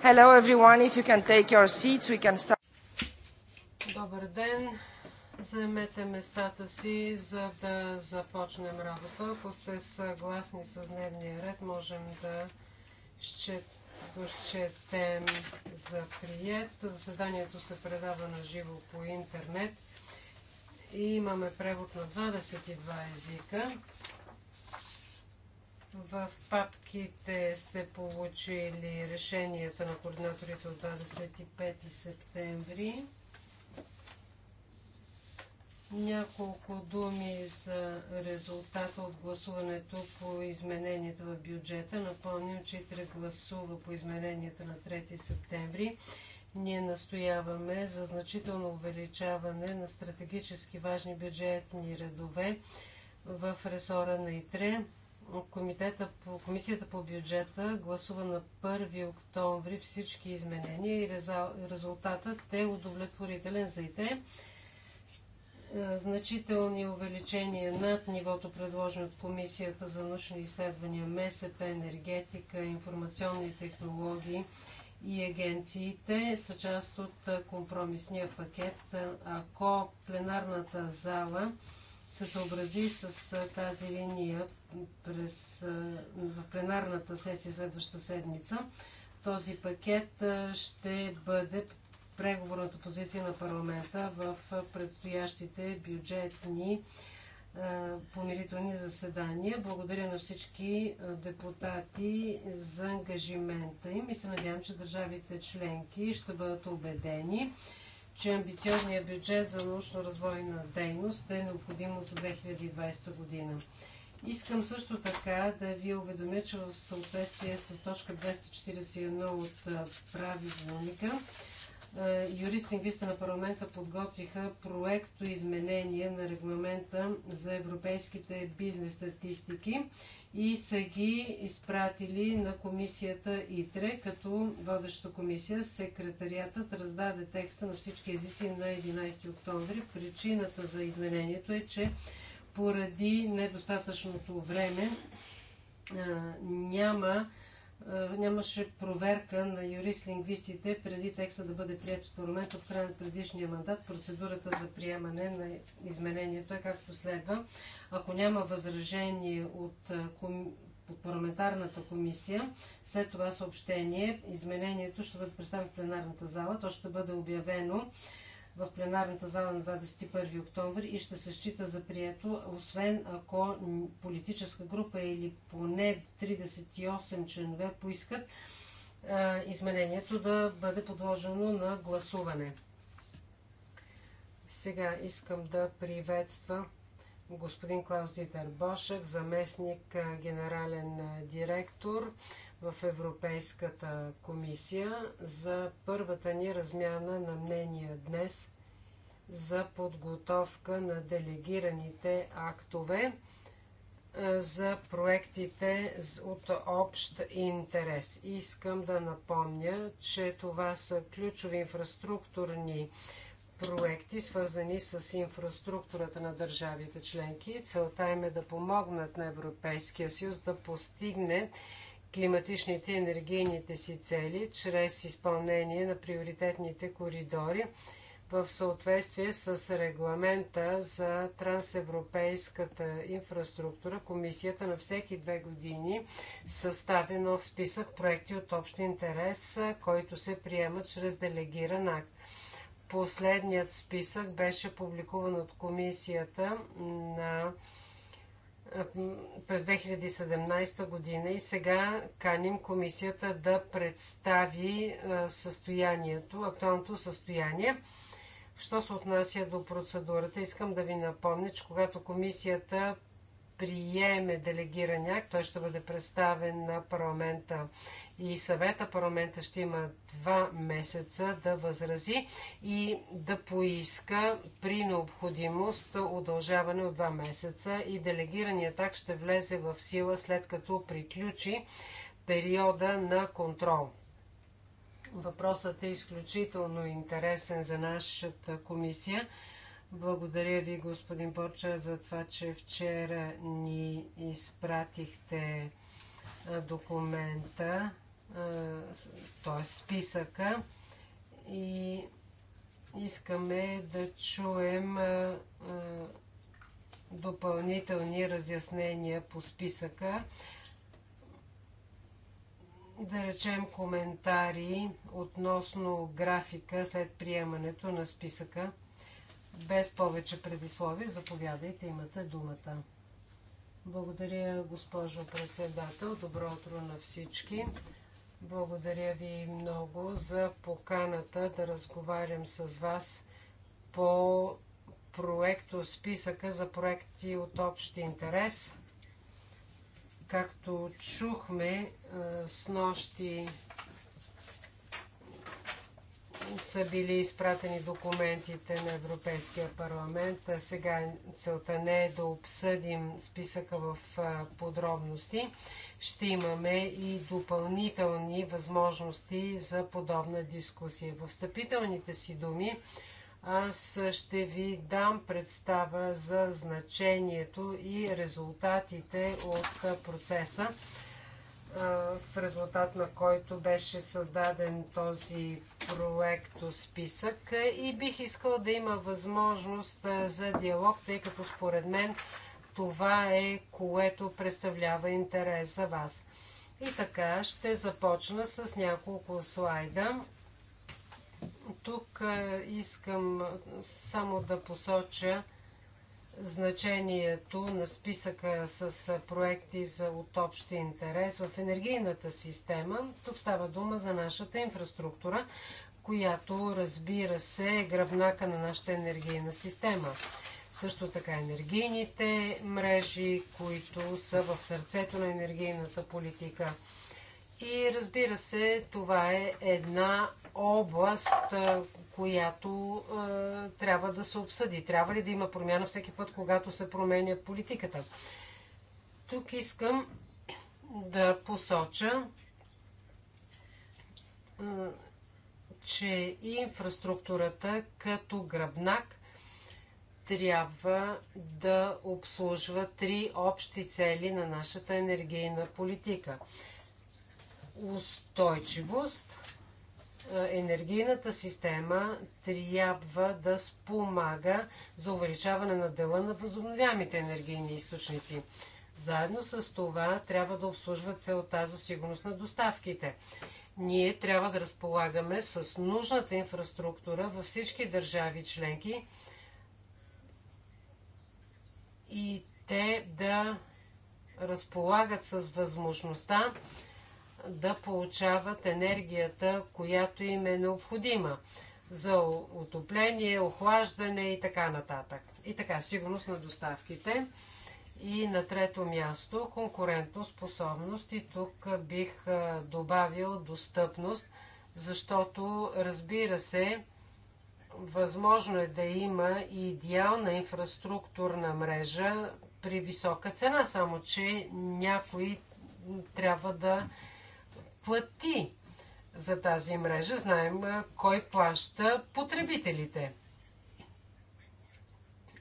Hello everyone, if you can take your seats, we can start. Добър ден! Заемете местата си, за да започнем работа. Ако сте съгласни с дневния ред, можем да го счетем за прият. Заседанието се предава на живо по интернет. И имаме превод на 22 езика. В папките сте получили решенията на координаторите от 25 септември. Няколко думи за резултата от гласуването по измененията в бюджета. Напомням, че ИТРЕ гласува по измененията на 3 септември. Ние настояваме за значително увеличаване на стратегически важни бюджетни редове в ресора на ИТРЕ комитета, по, комисията по бюджета гласува на 1 октомври всички изменения и резултатът е удовлетворителен за ИТЕ. Е, значителни увеличения над нивото предложено от Комисията за научни изследвания, МСП, енергетика, информационни технологии и агенциите са част от е, компромисния пакет. Е, ако пленарната зала се съобрази с тази линия през, в пленарната сесия следващата седмица. Този пакет ще бъде преговорната позиция на парламента в предстоящите бюджетни помирителни заседания. Благодаря на всички депутати за ангажимента им и се надявам, че държавите членки ще бъдат убедени, че амбициозният бюджет за научно-развойна дейност е необходимо за 2020 година. Искам също така да ви уведомя, че в съответствие с точка 241 от правилника, юрист-лингвиста на парламента подготвиха проекто изменение на регламента за европейските бизнес статистики и са ги изпратили на комисията ИТРЕ, като водеща комисия секретариатът раздаде текста на всички езици на 11 октомври. Причината за изменението е, че поради недостатъчното време а, няма е, нямаше проверка на юрист-лингвистите преди текста да бъде прият в парламента в края на предишния мандат. Процедурата за приемане на изменението е както следва. Ако няма възражение от, е, от парламентарната комисия, след това съобщение, изменението ще бъде представено в пленарната зала. То ще бъде обявено в пленарната зала на 21 октомври и ще се счита за прието, освен ако политическа група или поне 38 членове поискат изменението да бъде подложено на гласуване. Сега искам да приветства господин Клаус Дитер Бошък, заместник генерален директор в Европейската комисия за първата ни размяна на мнения днес за подготовка на делегираните актове е, за проектите от общ интерес. Искам да напомня, че това са ключови инфраструктурни проекти, свързани с инфраструктурата на държавите членки. Целта им е да помогнат на Европейския съюз да постигне климатичните и енергийните си цели чрез изпълнение на приоритетните коридори в съответствие с регламента за трансевропейската инфраструктура, комисията на всеки две години съставя нов списък проекти от общ интерес, който се приема чрез делегиран акт. Последният списък беше публикуван от комисията на е, през 2017 година и сега каним комисията да представи е, състоянието, актуалното състояние. Що се отнася до процедурата, искам да ви напомня, че когато комисията приеме делегирания, акт, той ще бъде представен на парламента и съвета. Парламента ще има два месеца да възрази и да поиска при необходимост удължаване от два месеца и делегираният акт ще влезе в сила след като приключи периода на контрол. Въпросът е изключително интересен за нашата комисия благодаря ви, господин Борча, за това, че вчера ни изпратихте документа, т.е. списъка и искаме да чуем допълнителни разяснения по списъка. Да речем коментари относно графика след приемането на списъка. Без повече предислови, заповядайте, имате думата. Благодаря, госпожо председател. Добро утро на всички. Благодаря ви много за поканата да разговарям с вас по проекто списъка за проекти от общ интерес. Както чухме с нощи са били изпратени документите на Европейския парламент. сега целта не е да обсъдим списъка в подробности. Ще имаме и допълнителни възможности за подобна дискусия. В встъпителните си думи аз ще ви дам представа за значението и резултатите от процеса в резултат на който беше създаден този проектосписък списък и бих искал да има възможност за диалог, тъй като според мен това е, което представлява интерес за вас. И така ще започна с няколко слайда. Тук искам само да посоча, значението на списъка с проекти за от общ интерес в енергийната система. Тук става дума за нашата инфраструктура, която разбира се е гръбнака на нашата енергийна система. Също така енергийните мрежи, които са в сърцето на енергийната политика. И разбира се, това е една област, която е, трябва да се обсъди. Трябва ли да има промяна всеки път, когато се променя политиката? Тук искам да посоча, е, че инфраструктурата като гръбнак трябва да обслужва три общи цели на нашата енергийна политика. Устойчивост, енергийната система трябва да спомага за увеличаване на дела на възобновяемите енергийни източници. Заедно с това трябва да обслужва целта за сигурност на доставките. Ние трябва да разполагаме с нужната инфраструктура във всички държави членки и те да разполагат с възможността да получават енергията, която им е необходима за отопление, охлаждане и така нататък. И така, сигурност на доставките. И на трето място, способност. И тук бих добавил достъпност, защото, разбира се, възможно е да има и идеална инфраструктурна мрежа при висока цена, само че някои трябва да плати за тази мрежа. Знаем кой плаща потребителите.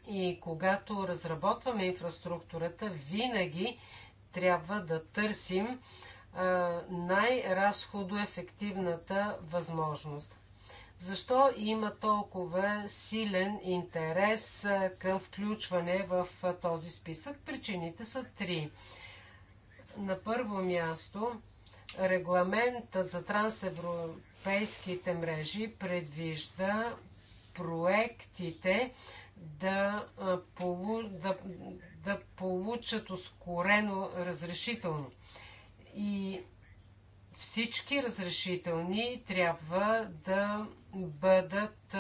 И когато разработваме инфраструктурата, винаги трябва да търсим най-разходоефективната възможност. Защо има толкова силен интерес към включване в този списък? Причините са три. На първо място Регламентът за трансевропейските мрежи предвижда проектите да, полу, да, да получат ускорено разрешително. И всички разрешителни трябва да бъдат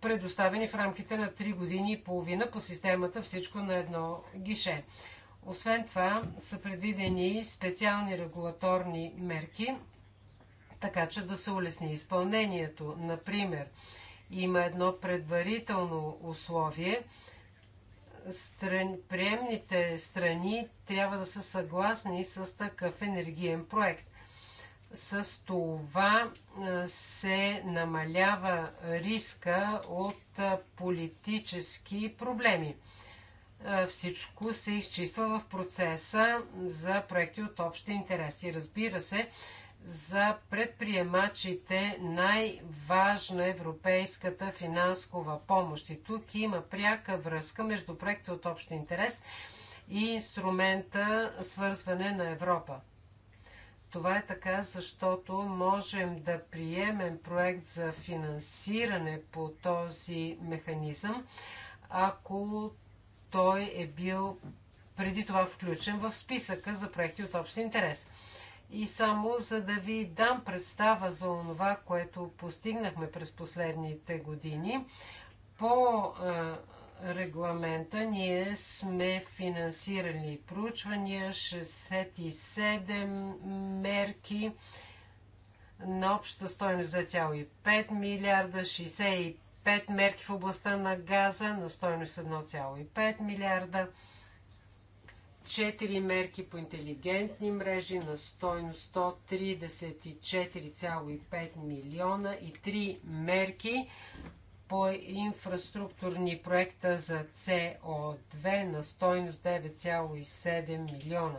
предоставени в рамките на 3 години и половина по системата всичко на едно гише. Освен това са предвидени специални регулаторни мерки, така че да се улесни изпълнението. Например, има едно предварително условие. Приемните страни трябва да са съгласни с такъв енергиен проект. С това се намалява риска от политически проблеми. Е, всичко се изчиства в процеса за проекти от общи интереси. Разбира се, за предприемачите най-важна европейската финансова помощ. И тук има пряка връзка между проекти от общ интерес и инструмента свързване на Европа. Това е така, защото можем да приемем проект за финансиране по този механизъм, ако той е бил преди това включен в списъка за проекти от общ интерес. И само за да ви дам представа за това, което постигнахме през последните години, по регламента ние сме финансирали проучвания, 67 мерки на обща стоеност 2,5 милиарда, 65 5 мерки в областта на газа на стойност 1,5 милиарда, 4 мерки по интелигентни мрежи на стойност 134,5 милиона и 3 мерки по инфраструктурни проекта за CO2 на стойност 9,7 милиона.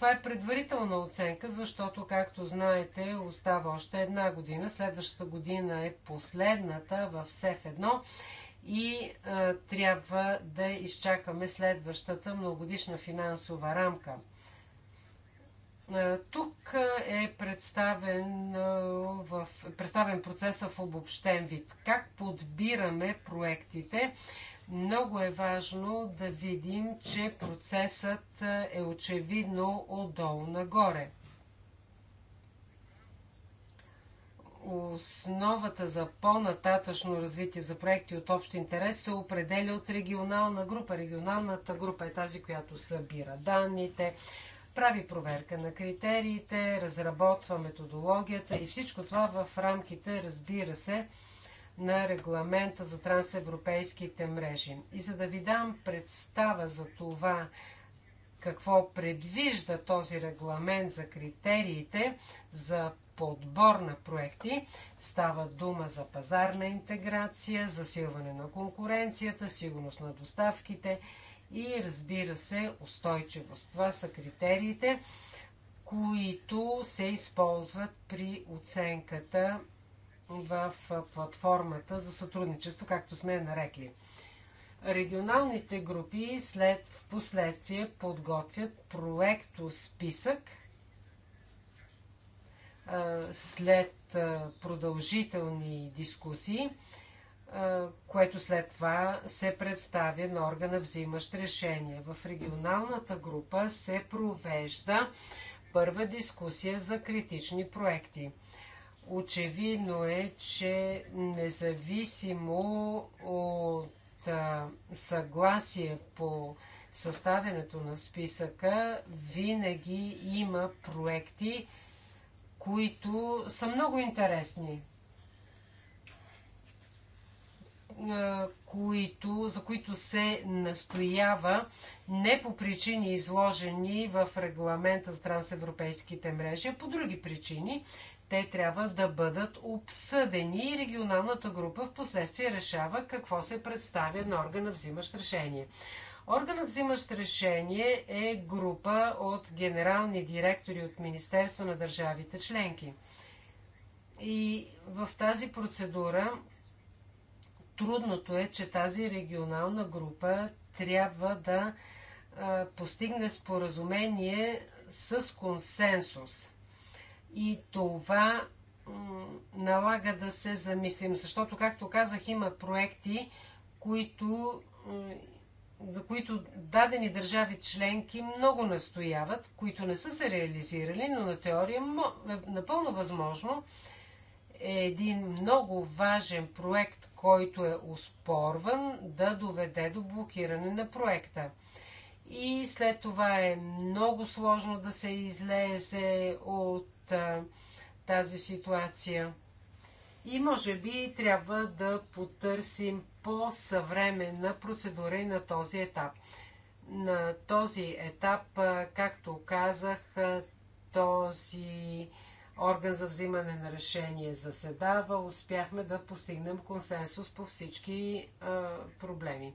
Това е предварителна оценка, защото, както знаете, остава още една година. Следващата година е последната в СЕФ-1 и а, трябва да изчакаме следващата многодишна финансова рамка. А, тук е представен, а, в, представен процеса в обобщен вид. Как подбираме проектите? А, много е важно да видим, че процесът е, е очевидно отдолу нагоре. Основата за по-нататъчно развитие за проекти от общ интерес се определя от регионална група. Регионалната група е тази, която събира данните, прави проверка на критериите, разработва методологията и всичко това в рамките, разбира се, на регламента за трансевропейските мрежи. И за да ви дам представа за това, какво предвижда този регламент за критериите за подбор на проекти. Става дума за пазарна интеграция, засилване на конкуренцията, сигурност на доставките и разбира се устойчивост. Това са критериите, които се използват при оценката в платформата за сътрудничество, както сме я нарекли. Регионалните групи след в последствие подготвят проекто списък след продължителни дискусии, което след това се представя на органа взимащ решение. В регионалната група се провежда първа дискусия за критични проекти. Очевидно е, че независимо от съгласие по съставянето на списъка, винаги има проекти, които са много интересни, които, за които се настоява не по причини изложени в регламента за трансевропейските мрежи, а по други причини. Те трябва да бъдат обсъдени и регионалната група в последствие решава какво се представя на органа взимащ решение. Органът взимащ решение е група от генерални директори от Министерство на държавите членки. И в тази процедура трудното е, че тази регионална група трябва да постигне споразумение с консенсус. И това налага да се замислим, защото, както казах, има проекти, които, за които дадени държави членки много настояват, които не са се реализирали, но на теория е напълно възможно е един много важен проект, който е успорван, да доведе до блокиране на проекта. И след това е много сложно да се излезе от тази ситуация. И може би трябва да потърсим по-съвременна процедура и на този етап. На този етап, както казах, този орган за взимане на решение заседава. Успяхме да постигнем консенсус по всички проблеми.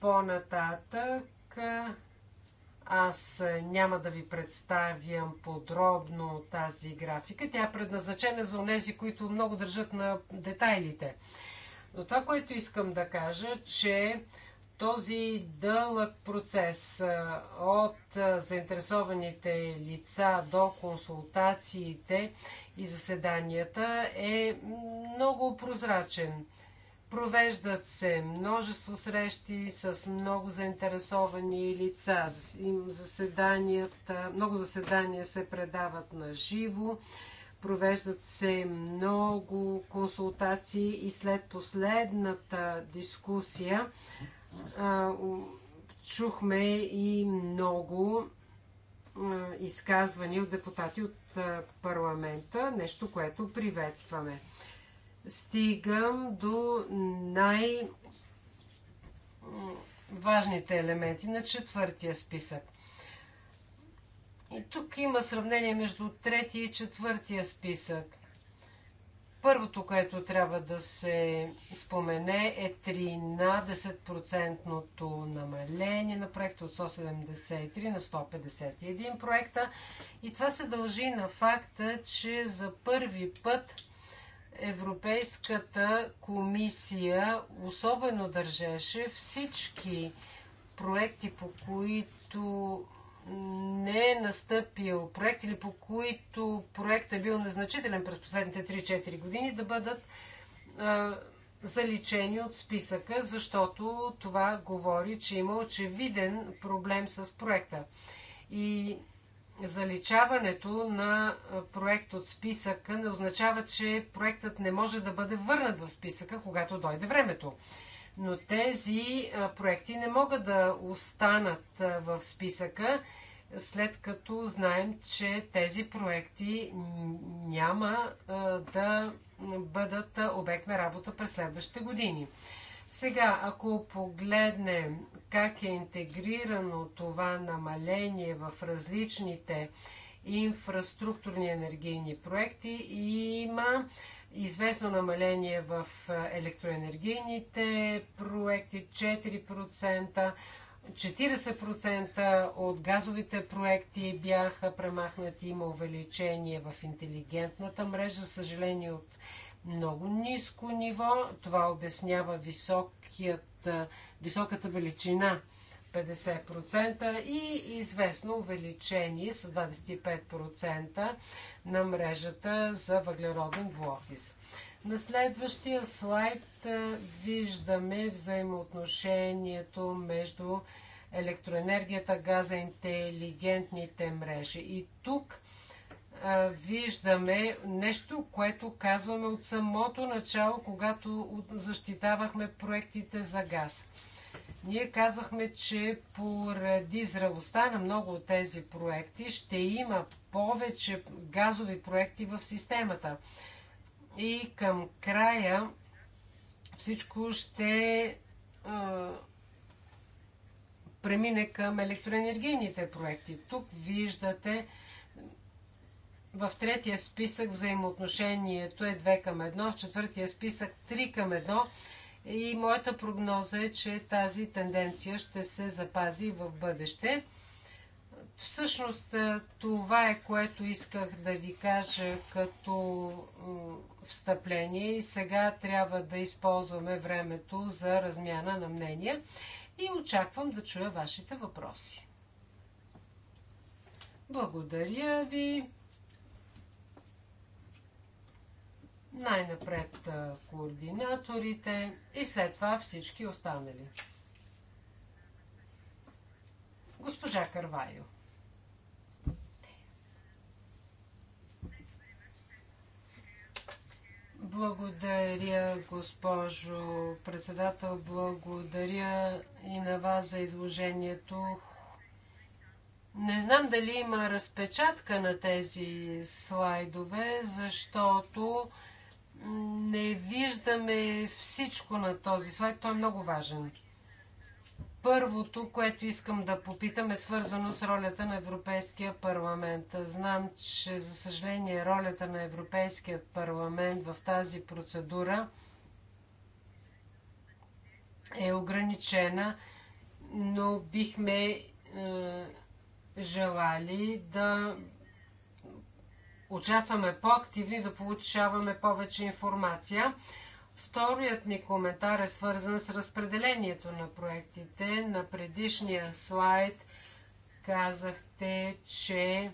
По-нататък аз е, няма да ви представям подробно тази графика. Тя е предназначена за тези, които много държат на детайлите. Но това, което искам да кажа, че този дълъг процес е, от е, заинтересованите лица до консултациите и заседанията е много прозрачен. Провеждат се множество срещи с много заинтересовани лица. Им заседанията, много заседания се предават на живо. Провеждат се много консултации и след последната дискусия чухме и много изказвания от депутати от парламента, нещо, което приветстваме стигам до най- важните елементи на четвъртия списък. И тук има сравнение между третия и четвъртия списък. Първото, което трябва да се спомене е 13% намаление на проекта от 173 на 151 проекта. И това се дължи на факта, че за първи път Европейската комисия особено държеше всички проекти, по които не е настъпил проект или по които проектът е бил незначителен през последните 3-4 години, да бъдат а, заличени от списъка, защото това говори, че има очевиден проблем с проекта. И заличаването на проект от списъка не означава, че проектът не може да бъде върнат в списъка, когато дойде времето. Но тези проекти не могат да останат в списъка, след като знаем, че тези проекти няма да бъдат обект на работа през следващите години. Сега, ако погледнем как е интегрирано това намаление в различните инфраструктурни енергийни проекти и има известно намаление в електроенергийните проекти 4%. 40% от газовите проекти бяха премахнати. Има увеличение в интелигентната мрежа, за съжаление от много ниско ниво. Това обяснява високият високата величина 50% и известно увеличение с 25% на мрежата за въглероден двуокис. На следващия слайд е, виждаме взаимоотношението между електроенергията, газа, интелигентните мрежи. И тук е, виждаме нещо, което казваме от самото начало, когато защитавахме проектите за газ. Ние казахме, че поради зрелостта на много от тези проекти ще има повече газови проекти в системата. И към края всичко ще премине към електроенергийните проекти. Тук виждате в третия списък взаимоотношението е 2 към 1, в четвъртия списък 3 към 1 и моята прогноза е, че тази тенденция ще се запази в бъдеще. Всъщност това е, което исках да ви кажа като встъпление и сега трябва да използваме времето за размяна на мнения и очаквам да чуя вашите въпроси. Благодаря ви. Най-напред координаторите и след това всички останали. Госпожа Карвайо. Благодаря, госпожо председател. Благодаря и на вас за изложението. Не знам дали има разпечатка на тези слайдове, защото не виждаме всичко на този слайд. Той е много важен. Първото, което искам да попитам е свързано с ролята на Европейския парламент. Знам, че за съжаление ролята на Европейският парламент в тази процедура е ограничена, но бихме е, желали да участваме по-активни, да получаваме повече информация. Вторият ми коментар е свързан с разпределението на проектите. На предишния слайд казахте, че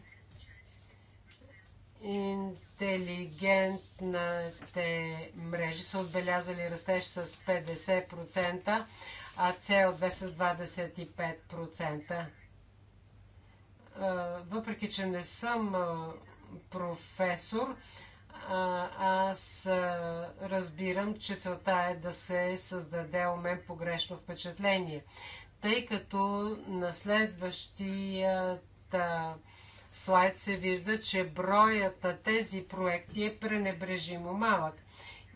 интелигентните мрежи са отбелязали растеж с 50%, а CO2 с 25%. Въпреки, че не съм професор. Аз разбирам, че целта е да се създаде у мен погрешно впечатление, тъй като на следващия слайд се вижда, че броят на тези проекти е пренебрежимо малък.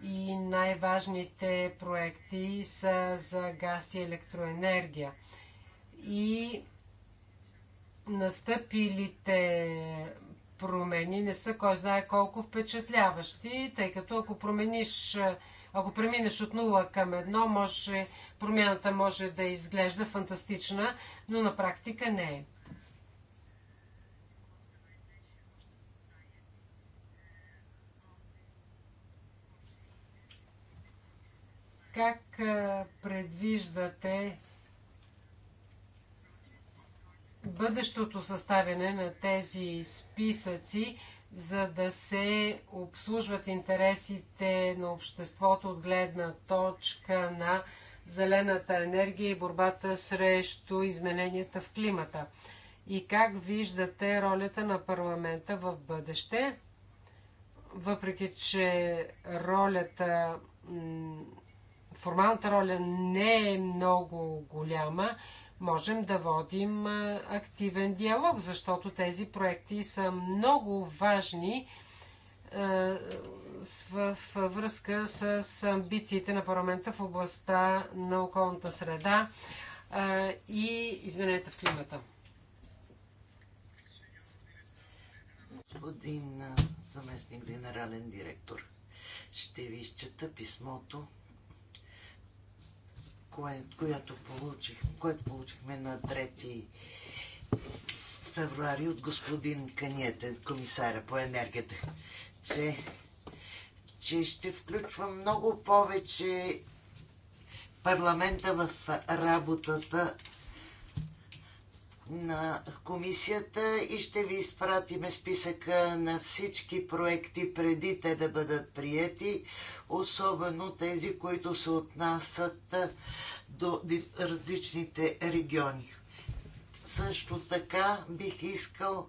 И най-важните проекти са за газ и електроенергия. И настъпилите промени не са кой знае колко впечатляващи, тъй като ако промениш, ако преминеш от 0 към 1, може, промяната може да изглежда фантастична, но на практика не е. Как предвиждате бъдещото съставяне на тези списъци, за да се обслужват интересите на обществото от гледна точка на зелената енергия и борбата срещу измененията в климата. И как виждате ролята на парламента в бъдеще? Въпреки, че ролята, формалната роля не е много голяма, можем да водим активен диалог, защото тези проекти са много важни в връзка с амбициите на парламента в областта на околната среда и измененията в климата. Господин заместник генерален директор, ще ви изчета писмото която получих, което получихме на 3 февруари от господин Каниете, комисаря по енергията, че, че ще включва много повече парламента в работата на комисията и ще ви изпратиме списъка на всички проекти преди те да бъдат прияти, особено тези, които се отнасят до различните региони. Също така бих искал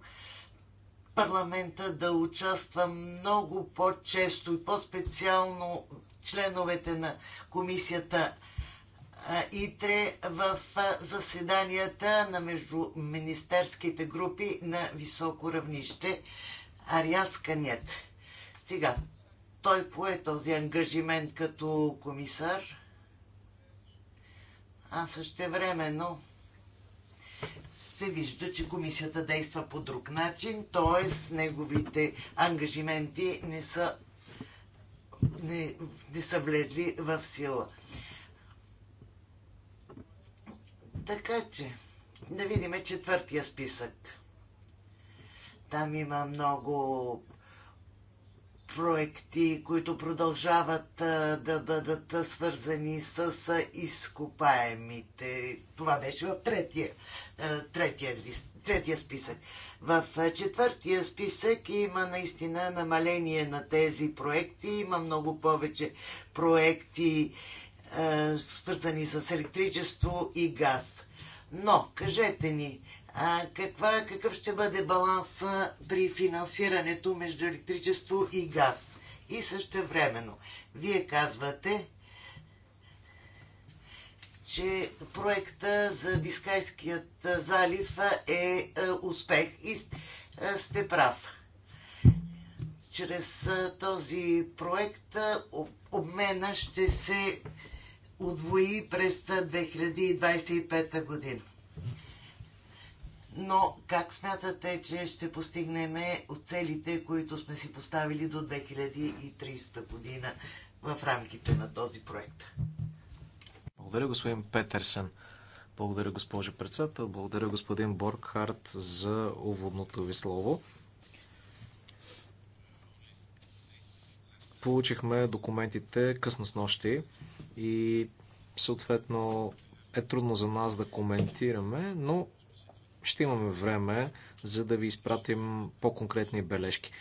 парламента да участва много по-често и по-специално членовете на комисията ИТРЕ в заседанията на междуминистерските групи на високо равнище Ариас Сега, той пое този ангажимент като комисар, а също същевременно се вижда, че комисията действа по друг начин, т.е. неговите ангажименти не са, не, не са влезли в сила. Така че, да видим четвъртия списък. Там има много проекти, които продължават а, да бъдат свързани с а, изкопаемите. Това беше в третия, а, третия, лист, третия списък. В четвъртия списък има наистина намаление на тези проекти. Има много повече проекти е, свързани с електричество и газ. Но, кажете ни, а, каква, какъв ще бъде баланс при финансирането между електричество и газ? И също времено, вие казвате, че проекта за Бискайският залив е, е успех и е, сте прав. Чрез този проект обмена ще се удвои през 2025 година. Но как смятате, че ще постигнем от целите, които сме си поставили до 2030 година в рамките на този проект? Благодаря, господин Петърсен. Благодаря, госпожо председател. Благодаря, господин Боргхарт, за уводното ви слово. Получихме документите късно с нощи и съответно е трудно за нас да коментираме, но ще имаме време, за да ви изпратим по-конкретни бележки.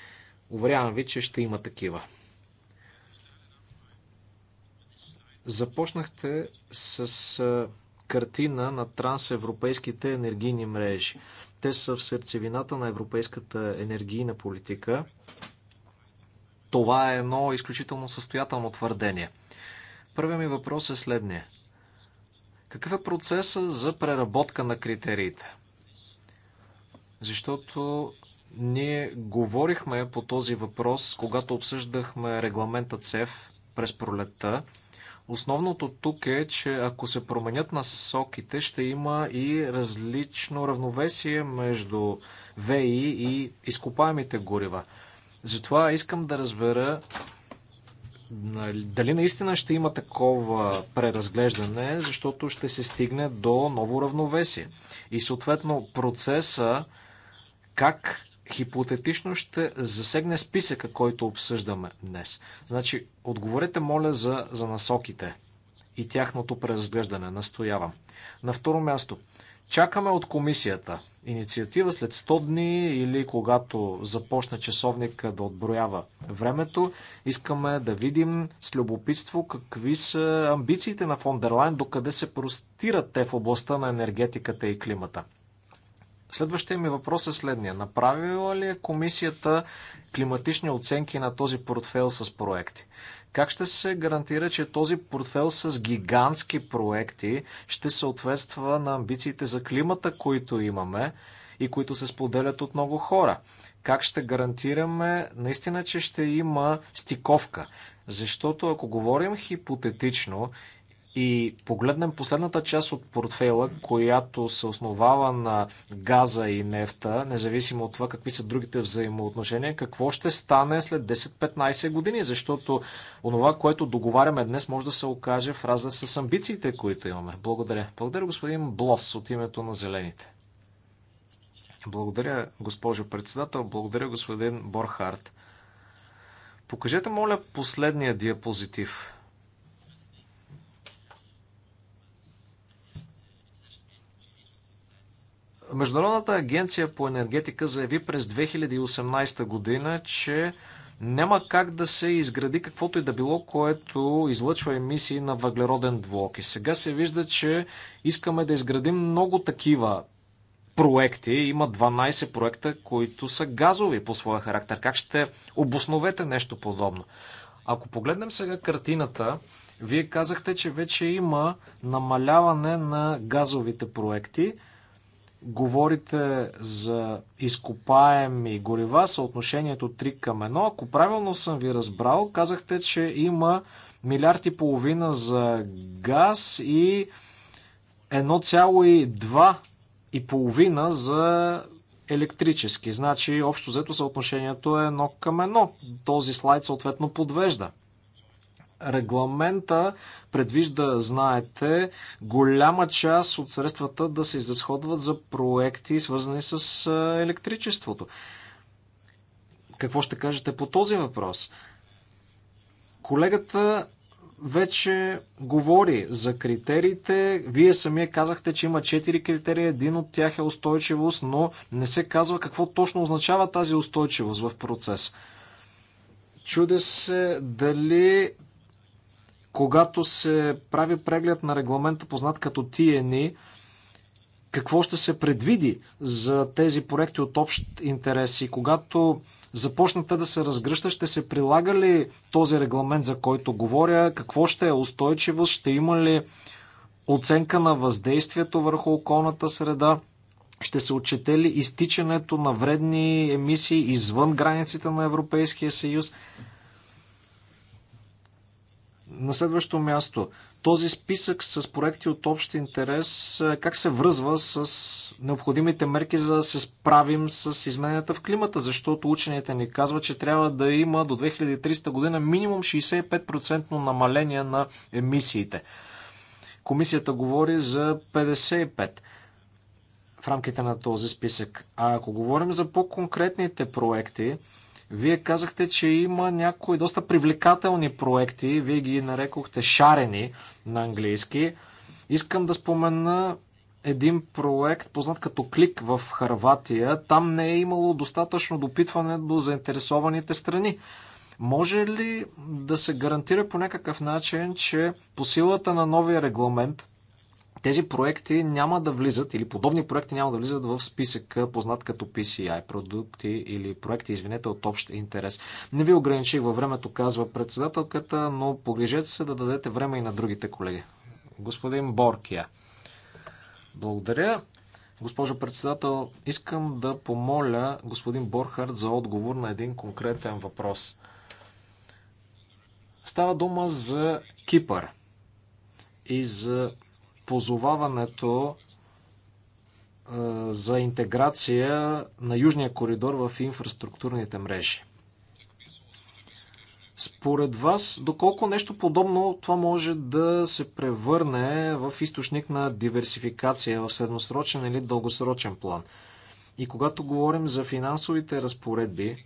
Уверявам ви, че ще има такива. Започнахте с картина на трансевропейските енергийни мрежи. Те са в сърцевината на европейската енергийна политика. Това е едно изключително състоятелно твърдение – Първият ми въпрос е следния. Какъв е процеса за преработка на критериите? Защото ние говорихме по този въпрос, когато обсъждахме регламента ЦЕФ през пролетта. Основното тук е, че ако се променят насоките, ще има и различно равновесие между ВИ и изкопаемите горива. Затова искам да разбера Нали, дали наистина ще има такова преразглеждане, защото ще се стигне до ново равновесие. И съответно процеса как хипотетично ще засегне списъка, който обсъждаме днес. Значи, отговорете, моля, за, за насоките и тяхното преразглеждане. Настоявам. На второ място, чакаме от комисията – инициатива след 100 дни или когато започне часовника да отброява времето. Искаме да видим с любопитство какви са амбициите на Фондерлайн, докъде се простират те в областта на енергетиката и климата. Следващия ми въпрос е следния. Направила ли е комисията климатични оценки на този портфел с проекти? Как ще се гарантира, че този портфел с гигантски проекти ще съответства на амбициите за климата, които имаме и които се споделят от много хора? Как ще гарантираме наистина, че ще има стиковка? Защото ако говорим хипотетично и погледнем последната част от портфейла, която се основава на газа и нефта, независимо от това какви са другите взаимоотношения, какво ще стане след 10-15 години, защото онова, което договаряме днес, може да се окаже в раза с амбициите, които имаме. Благодаря. Благодаря, господин Блос, от името на Зелените. Благодаря, госпожо председател. Благодаря, господин Борхарт. Покажете, моля, последния диапозитив. Международната агенция по енергетика заяви през 2018 година, че няма как да се изгради каквото и да било, което излъчва емисии на въглероден двуок. И сега се вижда, че искаме да изградим много такива проекти. Има 12 проекта, които са газови по своя характер. Как ще обосновете нещо подобно? Ако погледнем сега картината, вие казахте, че вече има намаляване на газовите проекти – Говорите за изкопаеми горива, съотношението 3 към 1. Ако правилно съм ви разбрал, казахте, че има милиард и половина за газ и 1,2 и половина за електрически. Значи, общо взето съотношението е 1 към 1. Този слайд съответно подвежда. Регламента предвижда, знаете, голяма част от средствата да се изразходват за проекти, свързани с електричеството. Какво ще кажете по този въпрос? Колегата вече говори за критериите. Вие самия казахте, че има 4 критерия. Един от тях е устойчивост, но не се казва какво точно означава тази устойчивост в процес. Чуде се дали когато се прави преглед на регламента, познат като TNI, какво ще се предвиди за тези проекти от общ интерес и когато започнат те да се разгръщат, ще се прилага ли този регламент, за който говоря, какво ще е устойчивост, ще има ли оценка на въздействието върху околната среда, ще се отчете ли изтичането на вредни емисии извън границите на Европейския съюз. На следващо място, този списък с проекти от общ интерес е, как се връзва с необходимите мерки за да се справим с измененията в климата, защото учените ни казват, че трябва да има до 2300 година минимум 65% намаление на емисиите. Комисията говори за 55% в рамките на този списък. А ако говорим за по-конкретните проекти, вие казахте, че има някои доста привлекателни проекти, вие ги нарекохте шарени на английски. Искам да спомена един проект, познат като Клик в Харватия. Там не е имало достатъчно допитване до заинтересованите страни. Може ли да се гарантира по някакъв начин, че по силата на новия регламент тези проекти няма да влизат, или подобни проекти няма да влизат в списък, познат като PCI, продукти или проекти, извинете, от общ интерес. Не ви ограничих във времето, казва председателката, но погрижете се да дадете време и на другите колеги. Господин Боркия. Благодаря. Госпожо председател, искам да помоля господин Борхард за отговор на един конкретен въпрос. Става дума за Кипър и за позоваването за интеграция на Южния коридор в инфраструктурните мрежи. Според вас, доколко нещо подобно това може да се превърне в източник на диверсификация в средносрочен или дългосрочен план? И когато говорим за финансовите разпоредби,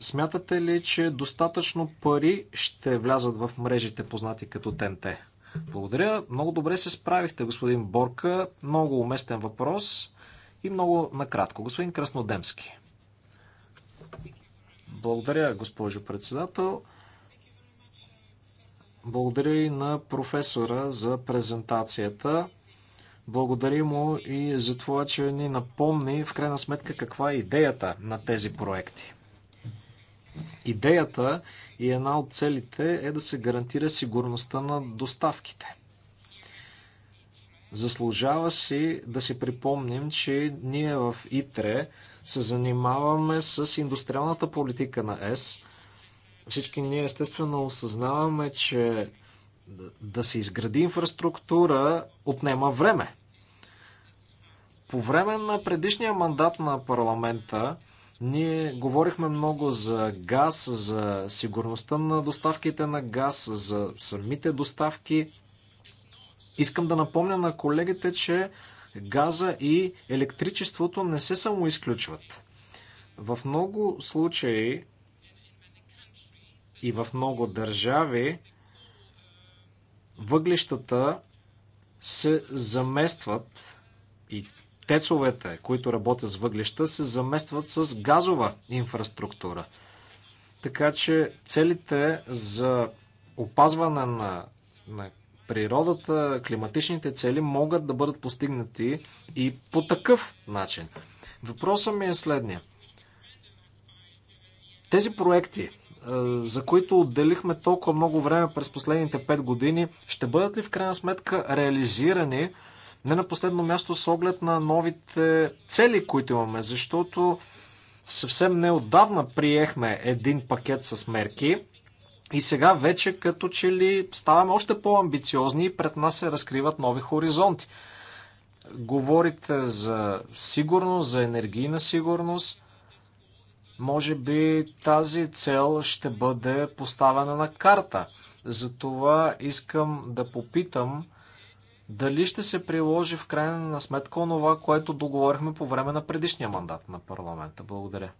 смятате ли, че достатъчно пари ще влязат в мрежите, познати като ТНТ? Благодаря. Много добре се справихте, господин Борка. Много уместен въпрос и много накратко. Господин Краснодемски. Благодаря, госпожо председател. Благодаря и на професора за презентацията. Благодаря му и за това, че ни напомни в крайна сметка каква е идеята на тези проекти. Идеята е. И една от целите е да се гарантира сигурността на доставките. Заслужава си да си припомним, че ние в ИТРЕ се занимаваме с индустриалната политика на ЕС. Всички ние естествено осъзнаваме, че да се изгради инфраструктура отнема време. По време на предишния мандат на парламента ние говорихме много за газ, за сигурността на доставките на газ, за самите доставки. Искам да напомня на колегите, че газа и електричеството не се само изключват. В много случаи и в много държави въглищата се заместват и тецовете, които работят с въглища, се заместват с газова инфраструктура. Така че целите за опазване на, на природата, климатичните цели могат да бъдат постигнати и по такъв начин. Въпросът ми е следния. Тези проекти, за които отделихме толкова много време през последните 5 години, ще бъдат ли в крайна сметка реализирани не на последно място с оглед на новите цели, които имаме, защото съвсем неодавна приехме един пакет с мерки и сега вече като че ли ставаме още по-амбициозни и пред нас се разкриват нови хоризонти. Говорите за сигурност, за енергийна сигурност. Може би тази цел ще бъде поставена на карта. Затова искам да попитам дали ще се приложи в крайна сметка онова, което договорихме по време на предишния мандат на парламента? Благодаря.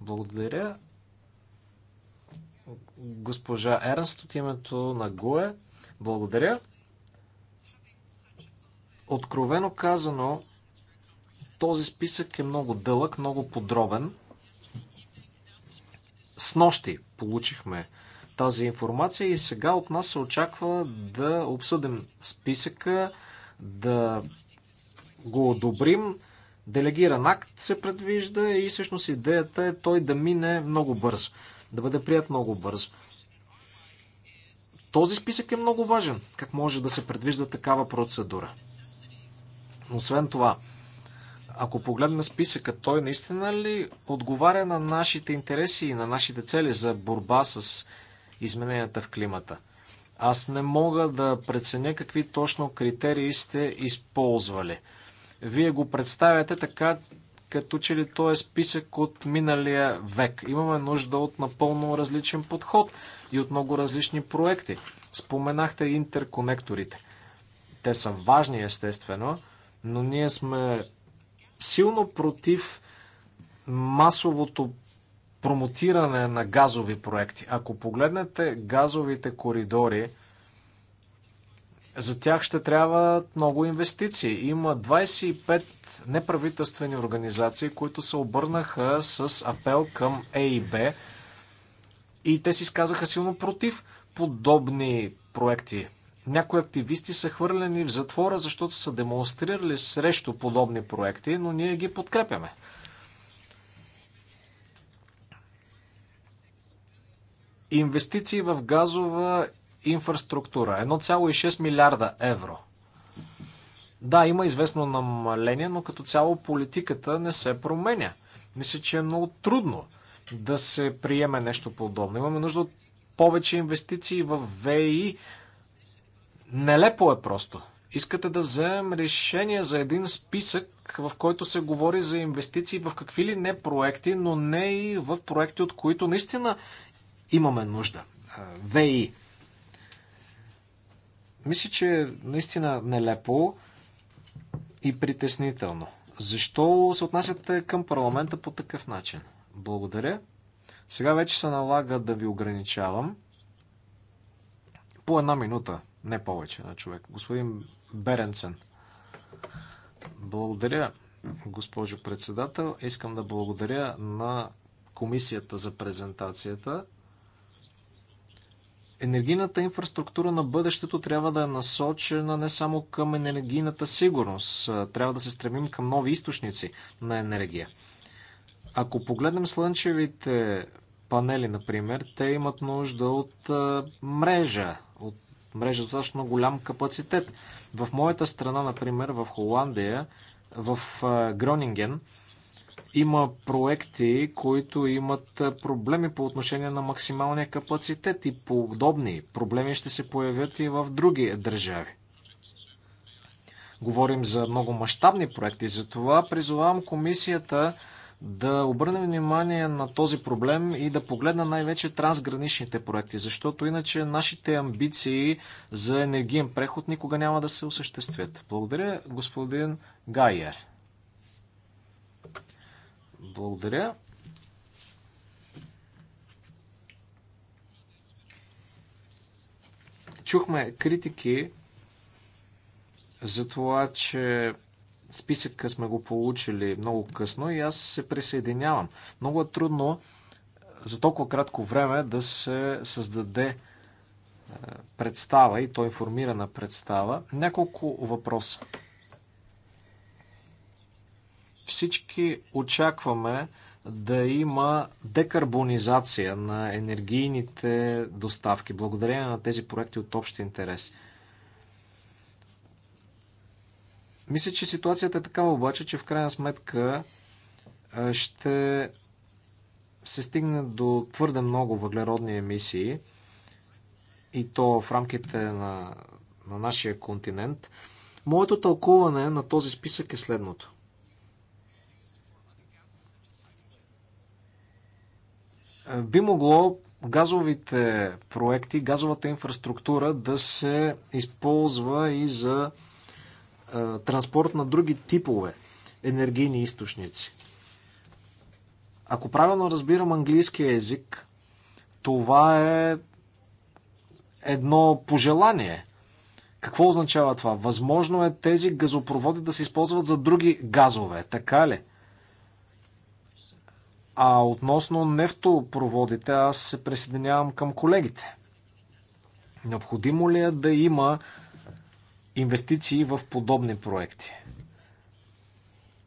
Благодаря. Госпожа Ернст от името на ГУЕ. Благодаря. Откровено казано, този списък е много дълъг, много подробен. С нощи получихме тази информация и сега от нас се очаква да обсъдим списъка, да го одобрим. Делегиран акт се предвижда и всъщност идеята е той да мине много бързо, да бъде прият много бързо. Този списък е много важен. Как може да се предвижда такава процедура? Освен това, ако погледнем списъка, той наистина ли отговаря на нашите интереси и на нашите цели за борба с измененията в климата. Аз не мога да преценя какви точно критерии сте използвали. Вие го представяте така, като че ли то е списък от миналия век. Имаме нужда от напълно различен подход и от много различни проекти. Споменахте интерконекторите. Те са важни, естествено, но ние сме силно против масовото промотиране на газови проекти. Ако погледнете газовите коридори, за тях ще трябва много инвестиции. Има 25 неправителствени организации, които се обърнаха с апел към ЕИБ и те си сказаха силно против подобни проекти. Някои активисти са хвърлени в затвора, защото са демонстрирали срещу подобни проекти, но ние ги подкрепяме. Инвестиции в газова инфраструктура 1,6 милиарда евро. Да, има известно намаление, но като цяло политиката не се променя. Мисля, че е много трудно да се приеме нещо подобно. Имаме нужда от повече инвестиции в ВИ. Нелепо е просто. Искате да вземем решение за един списък, в който се говори за инвестиции в какви ли не проекти, но не и в проекти, от които наистина имаме нужда. ВИ. Мисля, че е наистина нелепо и притеснително. Защо се отнасяте към парламента по такъв начин? Благодаря. Сега вече се налага да ви ограничавам. По една минута, не повече на човек. Господин Беренцен. Благодаря, госпожо председател. Искам да благодаря на комисията за презентацията. Енергийната инфраструктура на бъдещето трябва да е насочена не само към енергийната сигурност, трябва да се стремим към нови източници на енергия. Ако погледнем слънчевите панели, например, те имат нужда от мрежа, от мрежа достатъчно голям капацитет. В моята страна, например, в Холандия, в Гронинген, има проекти, които имат проблеми по отношение на максималния капацитет и подобни проблеми ще се появят и в други държави. Говорим за много мащабни проекти, затова призовавам комисията да обърнем внимание на този проблем и да погледна най-вече трансграничните проекти, защото иначе нашите амбиции за енергиен преход никога няма да се осъществят. Благодаря, господин Гайер. Благодаря. Чухме критики за това, че списъка сме го получили много късно и аз се присъединявам. Много е трудно е, за толкова кратко време да се създаде е, представа и то информирана представа. Няколко въпроса. Всички очакваме да има декарбонизация на енергийните доставки, благодарение на тези проекти от общ интерес. Мисля, че ситуацията е такава обаче, че в крайна сметка ще се стигне до твърде много въглеродни емисии и то в рамките на, на нашия континент. Моето тълкуване на този списък е следното. би могло газовите проекти, газовата инфраструктура да се използва и за транспорт на други типове енергийни източници. Ако правилно разбирам английския език, това е едно пожелание. Какво означава това? Възможно е тези газопроводи да се използват за други газове, така ли? А относно нефтопроводите, аз се присъединявам към колегите. Необходимо ли е да има инвестиции в подобни проекти?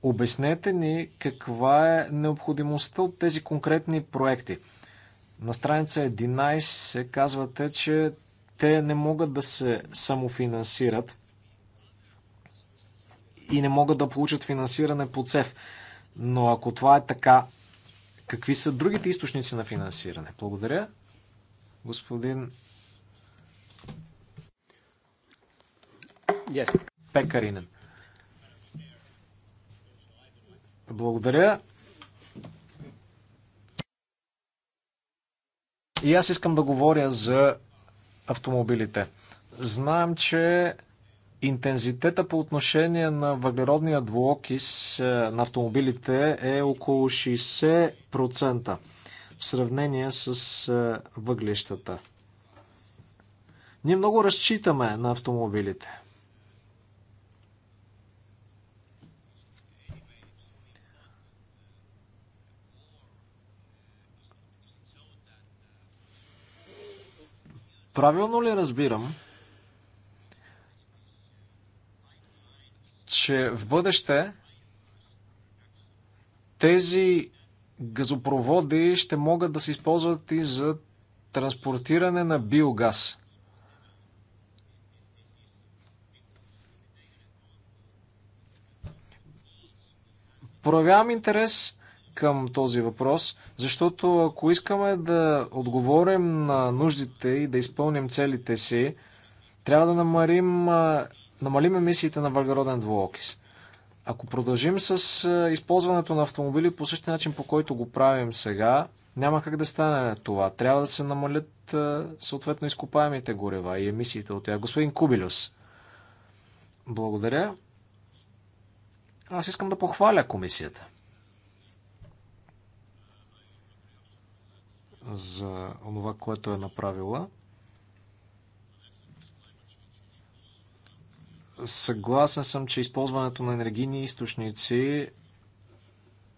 Обяснете ни каква е необходимостта от тези конкретни проекти. На страница 11 се казвате, че те не могат да се самофинансират и не могат да получат финансиране по ЦЕФ. Но ако това е така, Какви са другите източници на финансиране? Благодаря. Господин yes. Пекаринен. Благодаря. И аз искам да говоря за автомобилите. Знам, че Интензитета по отношение на въглеродния двуокис е, на автомобилите е около 60% в сравнение с е, въглищата. Ние много разчитаме на автомобилите. Правилно ли разбирам, че в бъдеще тези газопроводи ще могат да се използват и за транспортиране на биогаз. Проявявам интерес към този въпрос, защото ако искаме да отговорим на нуждите и да изпълним целите си, трябва да намарим намалим емисиите на въглероден двуокис. Ако продължим с е, използването на автомобили по същия начин, по който го правим сега, няма как да стане това. Трябва да се намалят е, съответно изкопаемите горева и емисиите от тях. Господин Кубилюс, благодаря. Аз искам да похваля комисията за това, което е направила. Съгласен съм, че използването на енергийни източници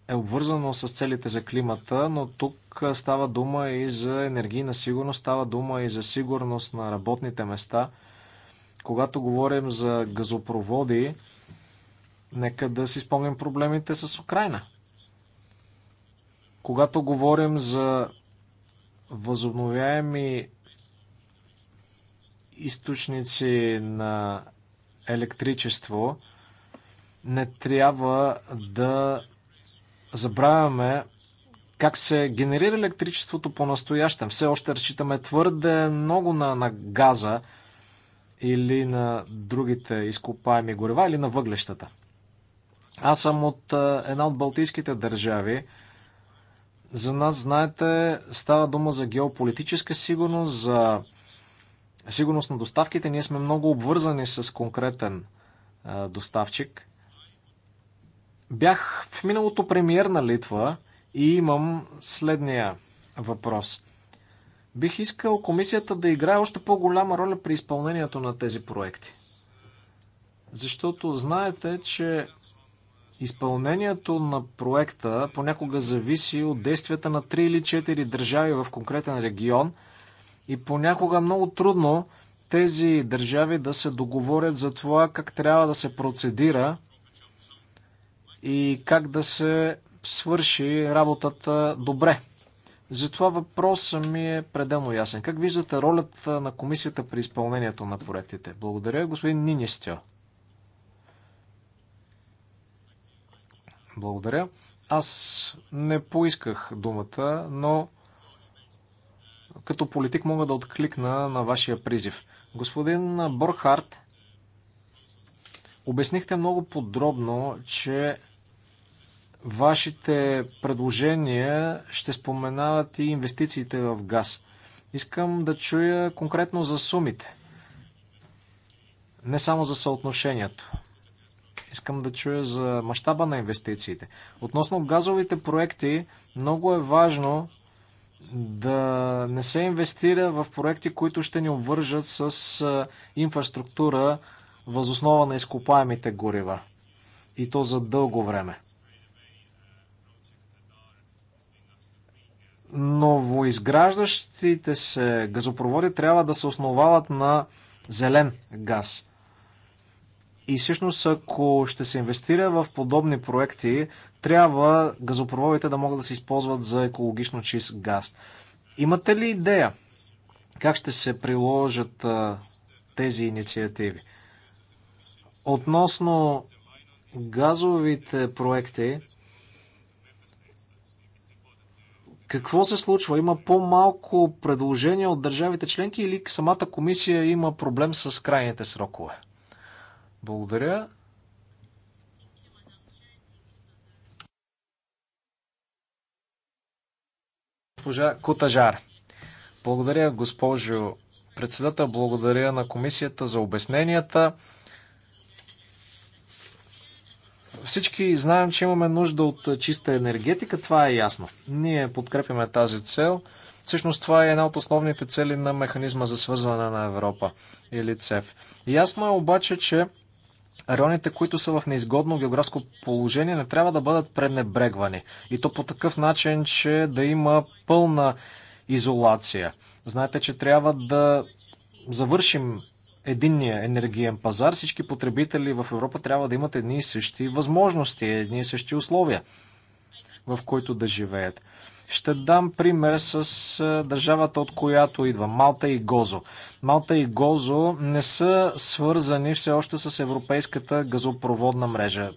е обвързано с целите за климата, но тук става дума и за енергийна сигурност, става дума и за сигурност на работните места. Когато говорим за газопроводи, нека да си спомним проблемите с Украина. Когато говорим за възобновяеми източници на електричество, не трябва да забравяме как се генерира електричеството по-настоящем. Все още разчитаме твърде много на, на газа или на другите изкопаеми горева или на въглещата. Аз съм от една от балтийските държави. За нас, знаете, става дума за геополитическа сигурност, за сигурност на доставките, ние сме много обвързани с конкретен доставчик. Бях в миналото премиер на Литва и имам следния въпрос. Бих искал комисията да играе още по-голяма роля при изпълнението на тези проекти. Защото знаете, че изпълнението на проекта понякога зависи от действията на 3 или 4 държави в конкретен регион – и понякога много трудно тези държави да се договорят за това как трябва да се процедира и как да се свърши работата добре. Затова въпросът ми е пределно ясен. Как виждате ролята на комисията при изпълнението на проектите? Благодаря, господин Нинистио. Благодаря. Аз не поисках думата, но като политик мога да откликна на вашия призив. Господин Борхарт, обяснихте много подробно, че вашите предложения ще споменават и инвестициите в газ. Искам да чуя конкретно за сумите. Не само за съотношението. Искам да чуя за мащаба на инвестициите. Относно газовите проекти, много е важно да не се инвестира в проекти, които ще ни обвържат с инфраструктура възоснова на изкопаемите горива. И то за дълго време. Новоизграждащите се газопроводи трябва да се основават на зелен газ. И всъщност, ако ще се инвестира в подобни проекти, трябва газопроводите да могат да се използват за екологично чист газ. Имате ли идея как ще се приложат а, тези инициативи? Относно газовите проекти, какво се случва? Има по-малко предложения от държавите членки или самата комисия има проблем с крайните срокове? Благодаря. Госпожа Кутажар. Благодаря, госпожо председател. Благодаря на комисията за обясненията. Всички знаем, че имаме нужда от чиста енергетика, това е ясно. Ние подкрепяме тази цел. Всъщност това е една от основните цели на механизма за свързване на Европа или ЦЕФ. Ясно е обаче, че районите, които са в неизгодно географско положение, не трябва да бъдат пренебрегвани. И то по такъв начин, че да има пълна изолация. Знаете, че трябва да завършим единния енергиен пазар. Всички потребители в Европа трябва да имат едни и същи възможности, едни и същи условия, в които да живеят. Ще дам пример с е, държавата, от която идва Малта и Гозо. Малта и Гозо не са свързани все още с европейската газопроводна мрежа.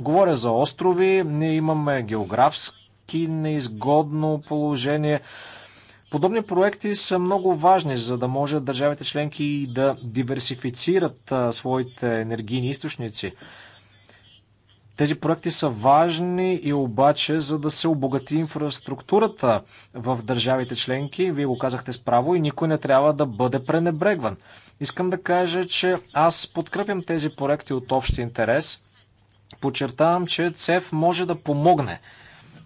Говоря за острови, ние имаме географски неизгодно положение. Подобни проекти са много важни, за да може държавите членки да диверсифицират своите енергийни източници. Тези проекти са важни и обаче за да се обогати инфраструктурата в държавите членки, вие го казахте справо и никой не трябва да бъде пренебрегван. Искам да кажа, че аз подкрепям тези проекти от общ интерес. Подчертавам, че ЦЕФ може да помогне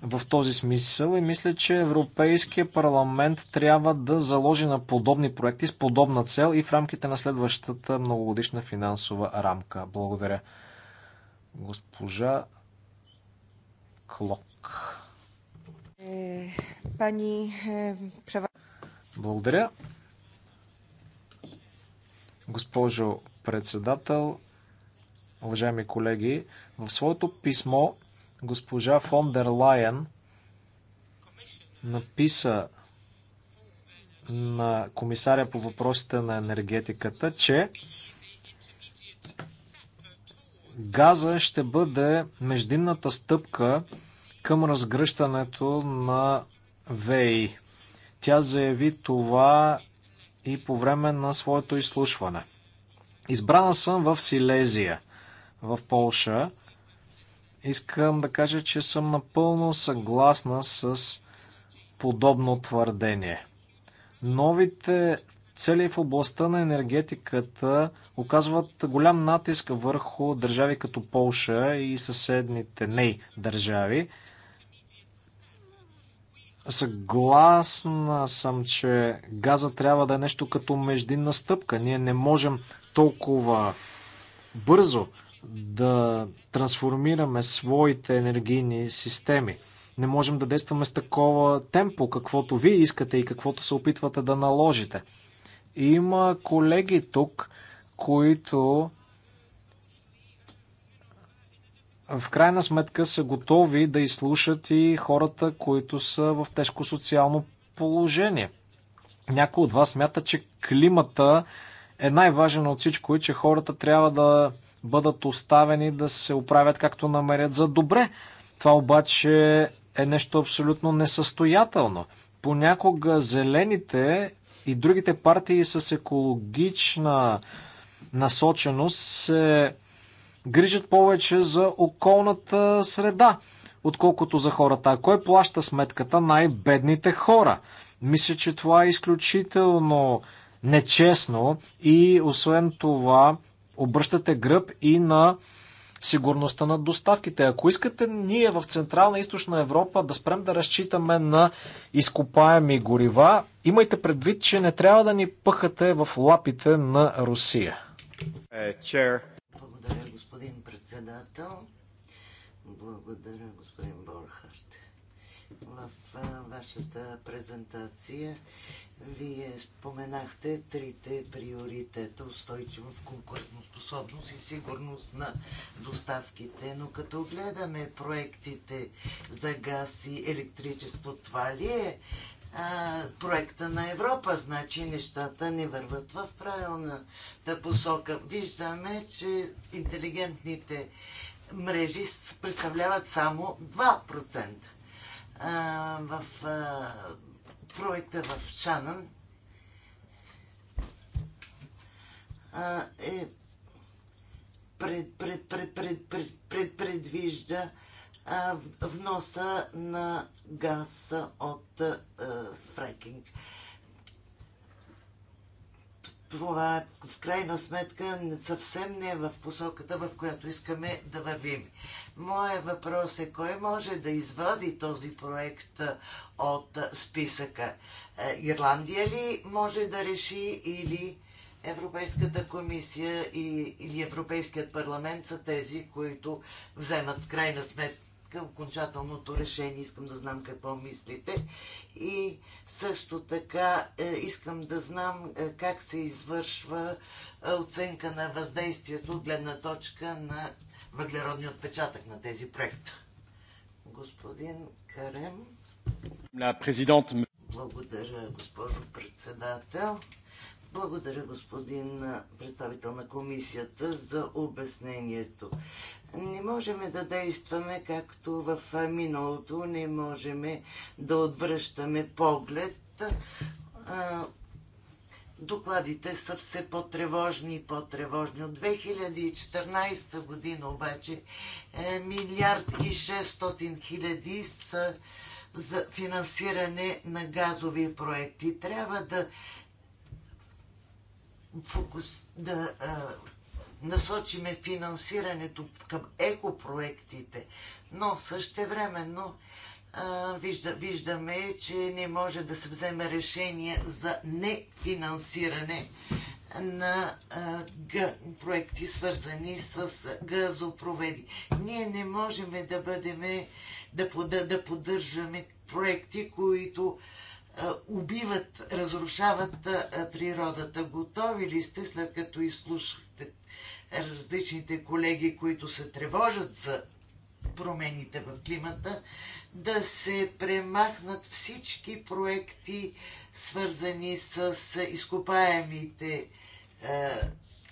в този смисъл и мисля, че Европейския парламент трябва да заложи на подобни проекти с подобна цел и в рамките на следващата многогодишна финансова рамка. Благодаря. Госпожа Клок. Е, пани е, Благодаря. Госпожо председател, уважаеми колеги, в своето писмо госпожа фон дер Лайен написа на комисаря по въпросите на енергетиката, че Газа ще бъде междинната стъпка към разгръщането на ВЕИ. Тя заяви това и по време на своето изслушване. Избрана съм в Силезия, в Полша. Искам да кажа, че съм напълно съгласна с подобно твърдение. Новите цели в областта на енергетиката – оказват голям натиск върху държави като Полша и съседните ней държави. Съгласна съм, че газа трябва да е нещо като междинна стъпка. Ние не можем толкова бързо да трансформираме своите енергийни системи. Не можем да действаме с такова темпо, каквото вие искате и каквото се опитвате да наложите. Има колеги тук, които в крайна сметка са готови да изслушат и хората, които са в тежко социално положение. Някои от вас смята, че климата е най-важен от всичко и че хората трябва да бъдат оставени да се оправят както намерят за добре. Това обаче е нещо абсолютно несъстоятелно. Понякога зелените и другите партии с екологична насоченост се грижат повече за околната среда, отколкото за хората. А кой плаща сметката? Най-бедните хора. Мисля, че това е изключително нечестно и освен това обръщате гръб и на сигурността на доставките. Ако искате ние в Централна и Източна Европа да спрем да разчитаме на изкопаеми горива, имайте предвид, че не трябва да ни пъхате в лапите на Русия. Благодаря, господин председател. Благодаря, господин Борхарт. В вашата презентация вие споменахте трите приоритета устойчивост, конкурентоспособност и сигурност на доставките. Но като гледаме проектите за газ и електричество, това ли е проекта на Европа. Значи нещата не върват в правилната посока. Виждаме, че интелигентните мрежи представляват само 2%. А, в а, проекта в Шанан е пред, пред, пред, пред, пред, пред, предвижда вноса на газ от фрекинг. Това в крайна сметка съвсем не е в посоката, в която искаме да вървим. Моя въпрос е, кой може да извади този проект от списъка? Ирландия ли може да реши или Европейската комисия или Европейският парламент са тези, които вземат в крайна сметка окончателното решение. Искам да знам какво мислите. И също така е, искам да знам е, как се извършва е, оценка на въздействието от гледна точка на въглеродния отпечатък на тези проекта. Господин Карем. Благодаря, госпожо председател. Благодаря, господин представител на комисията, за обяснението. Не можем да действаме както в миналото, не можем да отвръщаме поглед. Докладите са все по-тревожни и по-тревожни. От 2014 година обаче е, милиард и 600 хиляди са за финансиране на газови проекти. Трябва да фокус, да а, насочиме финансирането към екопроектите, но същевременно вижда, виждаме, че не може да се вземе решение за нефинансиране на а, проекти, свързани с газопроведи. Ние не можем да бъдем, да, да, да поддържаме проекти, които убиват, разрушават природата. Готови ли сте, след като изслушахте различните колеги, които се тревожат за промените в климата, да се премахнат всички проекти, свързани с изкопаемите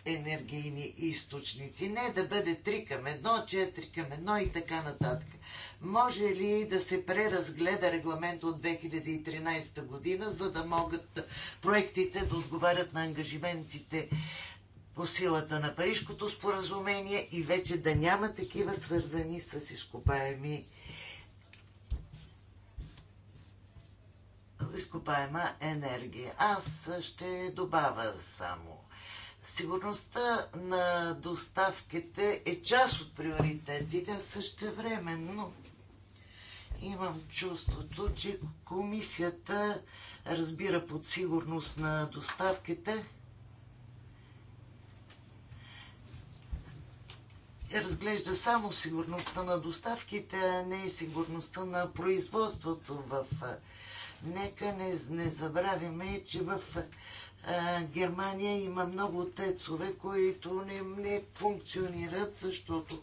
енергийни източници. Не да бъде 3 към 1, 4 към 1 и така нататък. Може ли да се преразгледа регламент от 2013 година, за да могат проектите да отговарят на ангажиментите по силата на Парижкото споразумение и вече да няма такива свързани с изкопаеми изкопаема енергия. Аз ще добавя само Сигурността на доставките е част от приоритетите, а но имам чувството, че комисията разбира под сигурност на доставките. разглежда само сигурността на доставките, а не и сигурността на производството в... Нека не, не забравяме, че в Германия има много тецове, които не, не функционират, защото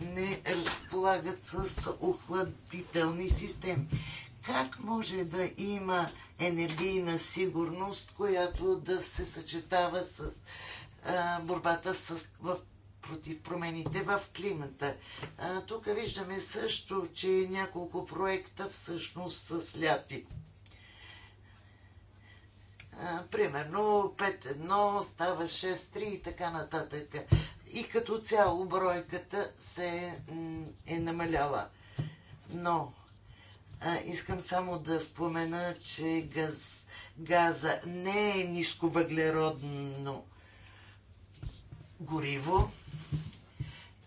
не разполагат с охладителни системи. Как може да има енергийна сигурност, която да се съчетава с а, борбата с, в, против промените в климата? А, тук виждаме също, че няколко проекта всъщност са сляти примерно 5-1 става 6-3 и така нататък. И като цяло бройката се е намаляла. Но а, искам само да спомена, че газ, газа не е нисковъглеродно гориво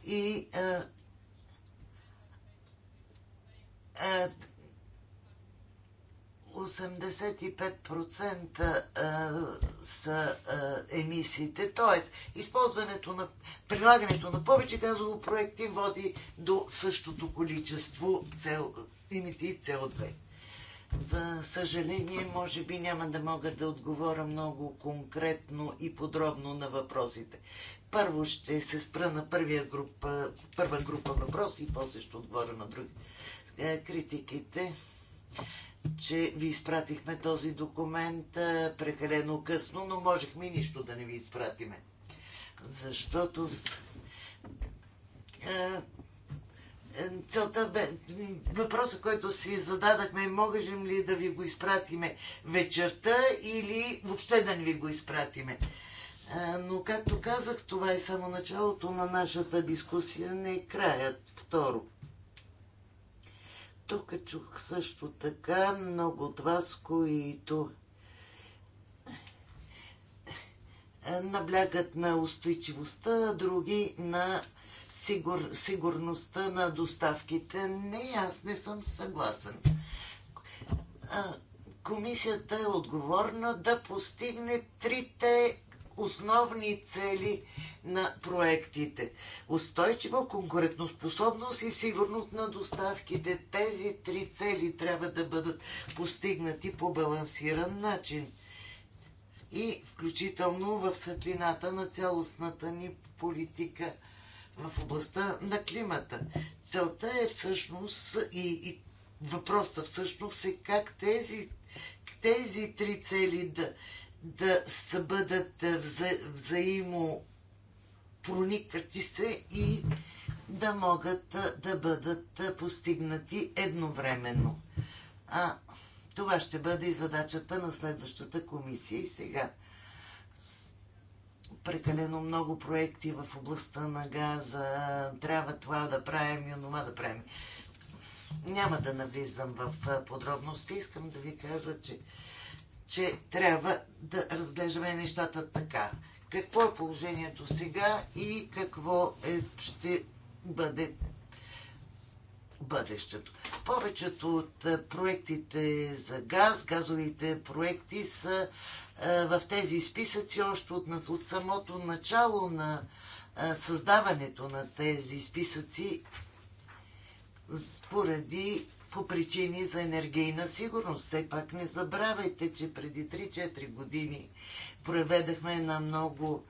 и а, а, 85% са емисиите, т.е. използването на, прилагането на повече проекти води до същото количество цел, емисии CO2. За съжаление, може би няма да мога да отговоря много конкретно и подробно на въпросите. Първо ще се спра на първия група, първа група въпроси и после ще отговоря на други. Е, критиките че ви изпратихме този документ прекалено късно, но можехме и нищо да не ви изпратиме. Защото с... Е, целта въпросът, въпроса, който си зададахме, можем ли да ви го изпратиме вечерта или въобще да не ви го изпратиме. Но, както казах, това е само началото на нашата дискусия, не е краят. Второ, тук чух също така много от вас, които наблягат на устойчивостта, други на сигур, сигурността на доставките. Не, аз не съм съгласен. Комисията е отговорна да постигне трите основни цели на проектите. Устойчива конкурентоспособност и сигурност на доставките. Тези три цели трябва да бъдат постигнати по балансиран начин и включително в светлината на цялостната ни политика в областта на климата. Целта е всъщност и, и въпросът всъщност е как тези, тези три цели да, да бъдат е, вза, взаимо проникващи се и да могат е, да бъдат е, постигнати едновременно. А това ще бъде и задачата на следващата комисия. И сега прекалено много проекти в областта на газа, трябва това да правим и онова да правим. Няма да навлизам в подробности. Искам да ви кажа, че че трябва да разглеждаме нещата така. Какво е положението сега и какво е, ще бъде бъдещето. Повечето от е, проектите за газ, газовите проекти са е, в тези списъци още от, от самото начало на е, създаването на тези списъци поради по причини за енергийна сигурност. Все пак не забравяйте, че преди 3-4 години проведахме една много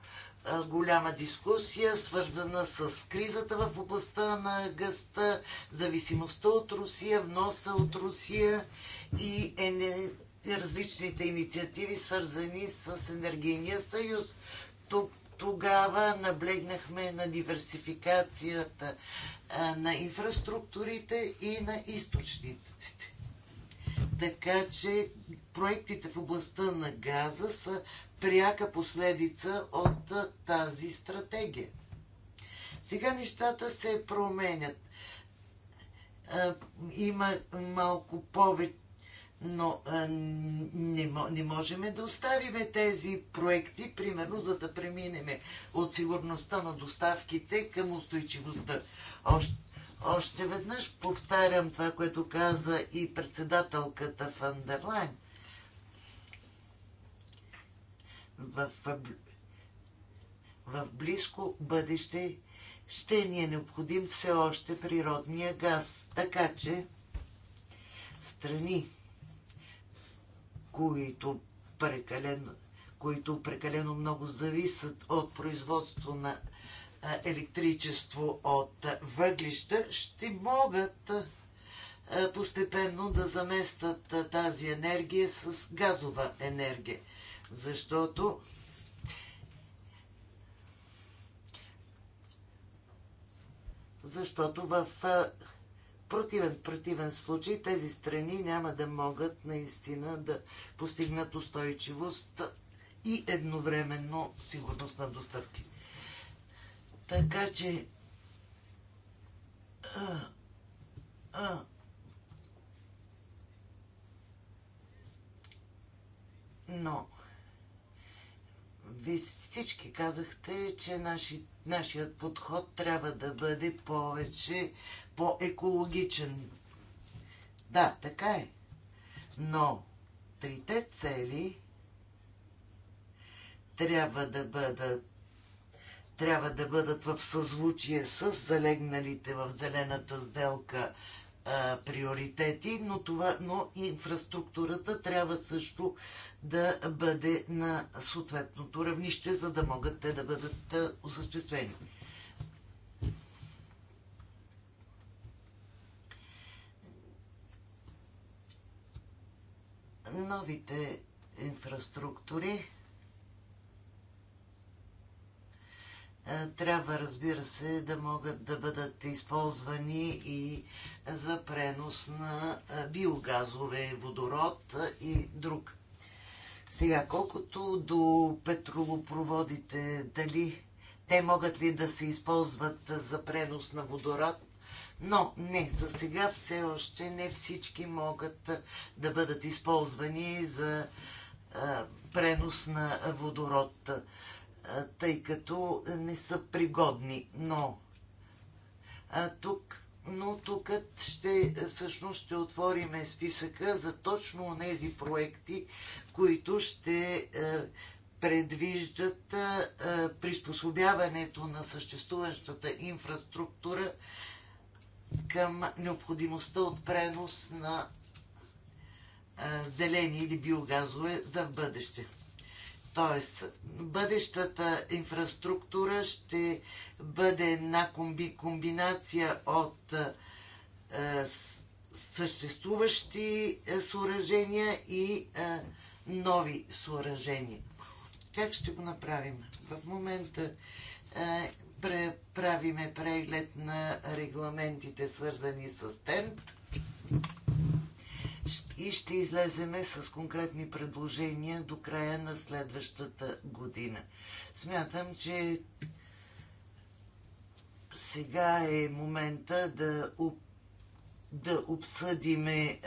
голяма дискусия, свързана с кризата в областта на гъста, зависимостта от Русия, вноса от Русия и ене... различните инициативи, свързани с енергийния съюз. Тук тогава наблегнахме на диверсификацията на инфраструктурите и на източниците. Така че проектите в областта на газа са пряка последица от тази стратегия. Сега нещата се променят. Има малко повече, но не, можем да оставим тези проекти, примерно, за да преминеме от сигурността на доставките към устойчивостта. Още, още веднъж повтарям това, което каза и председателката Фандерлайн. В, в, в близко бъдеще ще ни е необходим все още природния газ. Така че страни, които прекалено, които прекалено много зависят от производство на електричество от въглища, ще могат постепенно да заместят тази енергия с газова енергия. Защото защото в противен, противен случай тези страни няма да могат наистина да постигнат устойчивост и едновременно сигурност на доставките. Така че. А, а, но. Вие всички казахте, че наши, нашият подход трябва да бъде повече по-екологичен. Да, така е. Но трите цели трябва да бъдат трябва да бъдат в съзвучие с залегналите в зелената сделка а, приоритети, но, това, но инфраструктурата трябва също да бъде на съответното равнище, за да могат те да бъдат а, осъществени. Новите инфраструктури Е, трябва, разбира се, да могат да бъдат използвани и за пренос на е, биогазове, водород е, и друг. Сега, колкото до петролопроводите, дали те могат ли да се използват за пренос на водород? Но не, за сега все още не всички могат да бъдат използвани за пренос на водород тъй като не са пригодни. Но а, тук но тук ще, всъщност ще отвориме списъка за точно тези проекти, които ще предвиждат приспособяването на съществуващата инфраструктура към необходимостта от пренос на зелени или биогазове за в бъдеще. Т.е. бъдещата инфраструктура ще бъде една комби, комбинация от е, съществуващи е, съоръжения и е, нови съоръжения. Как ще го направим? В момента е, правиме преглед на регламентите, свързани с ТЕНТ и ще излеземе с конкретни предложения до края на следващата година. Смятам, че сега е момента да, да обсъдиме е,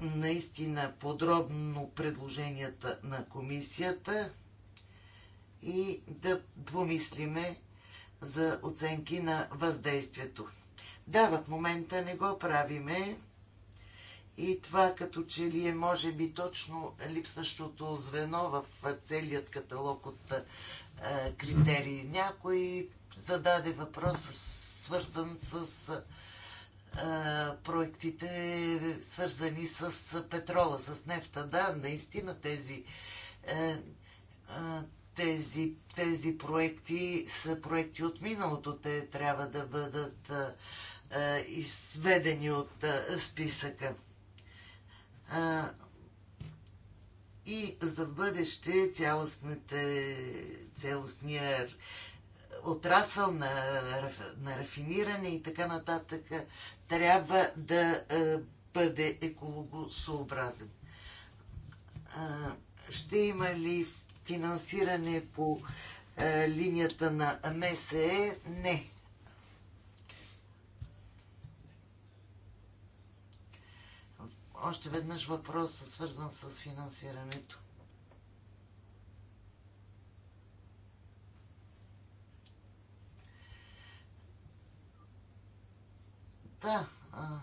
наистина подробно предложенията на комисията и да помислиме за оценки на въздействието. Да, в момента не го правиме, и това като че ли е, може би, точно липсващото звено в целият каталог от критерии. Някой зададе въпрос, свързан с проектите, свързани с петрола, с нефта. Да, наистина тези, е, тези, тези проекти са проекти от миналото. Те трябва да бъдат изведени от списъка и за бъдеще цялостния отрасъл на, на рафиниране и така нататък трябва да е, бъде екологосообразен. Ще има ли финансиране по е, линията на МСЕ? Не. още веднъж въпроса, свързан с финансирането. Да. А,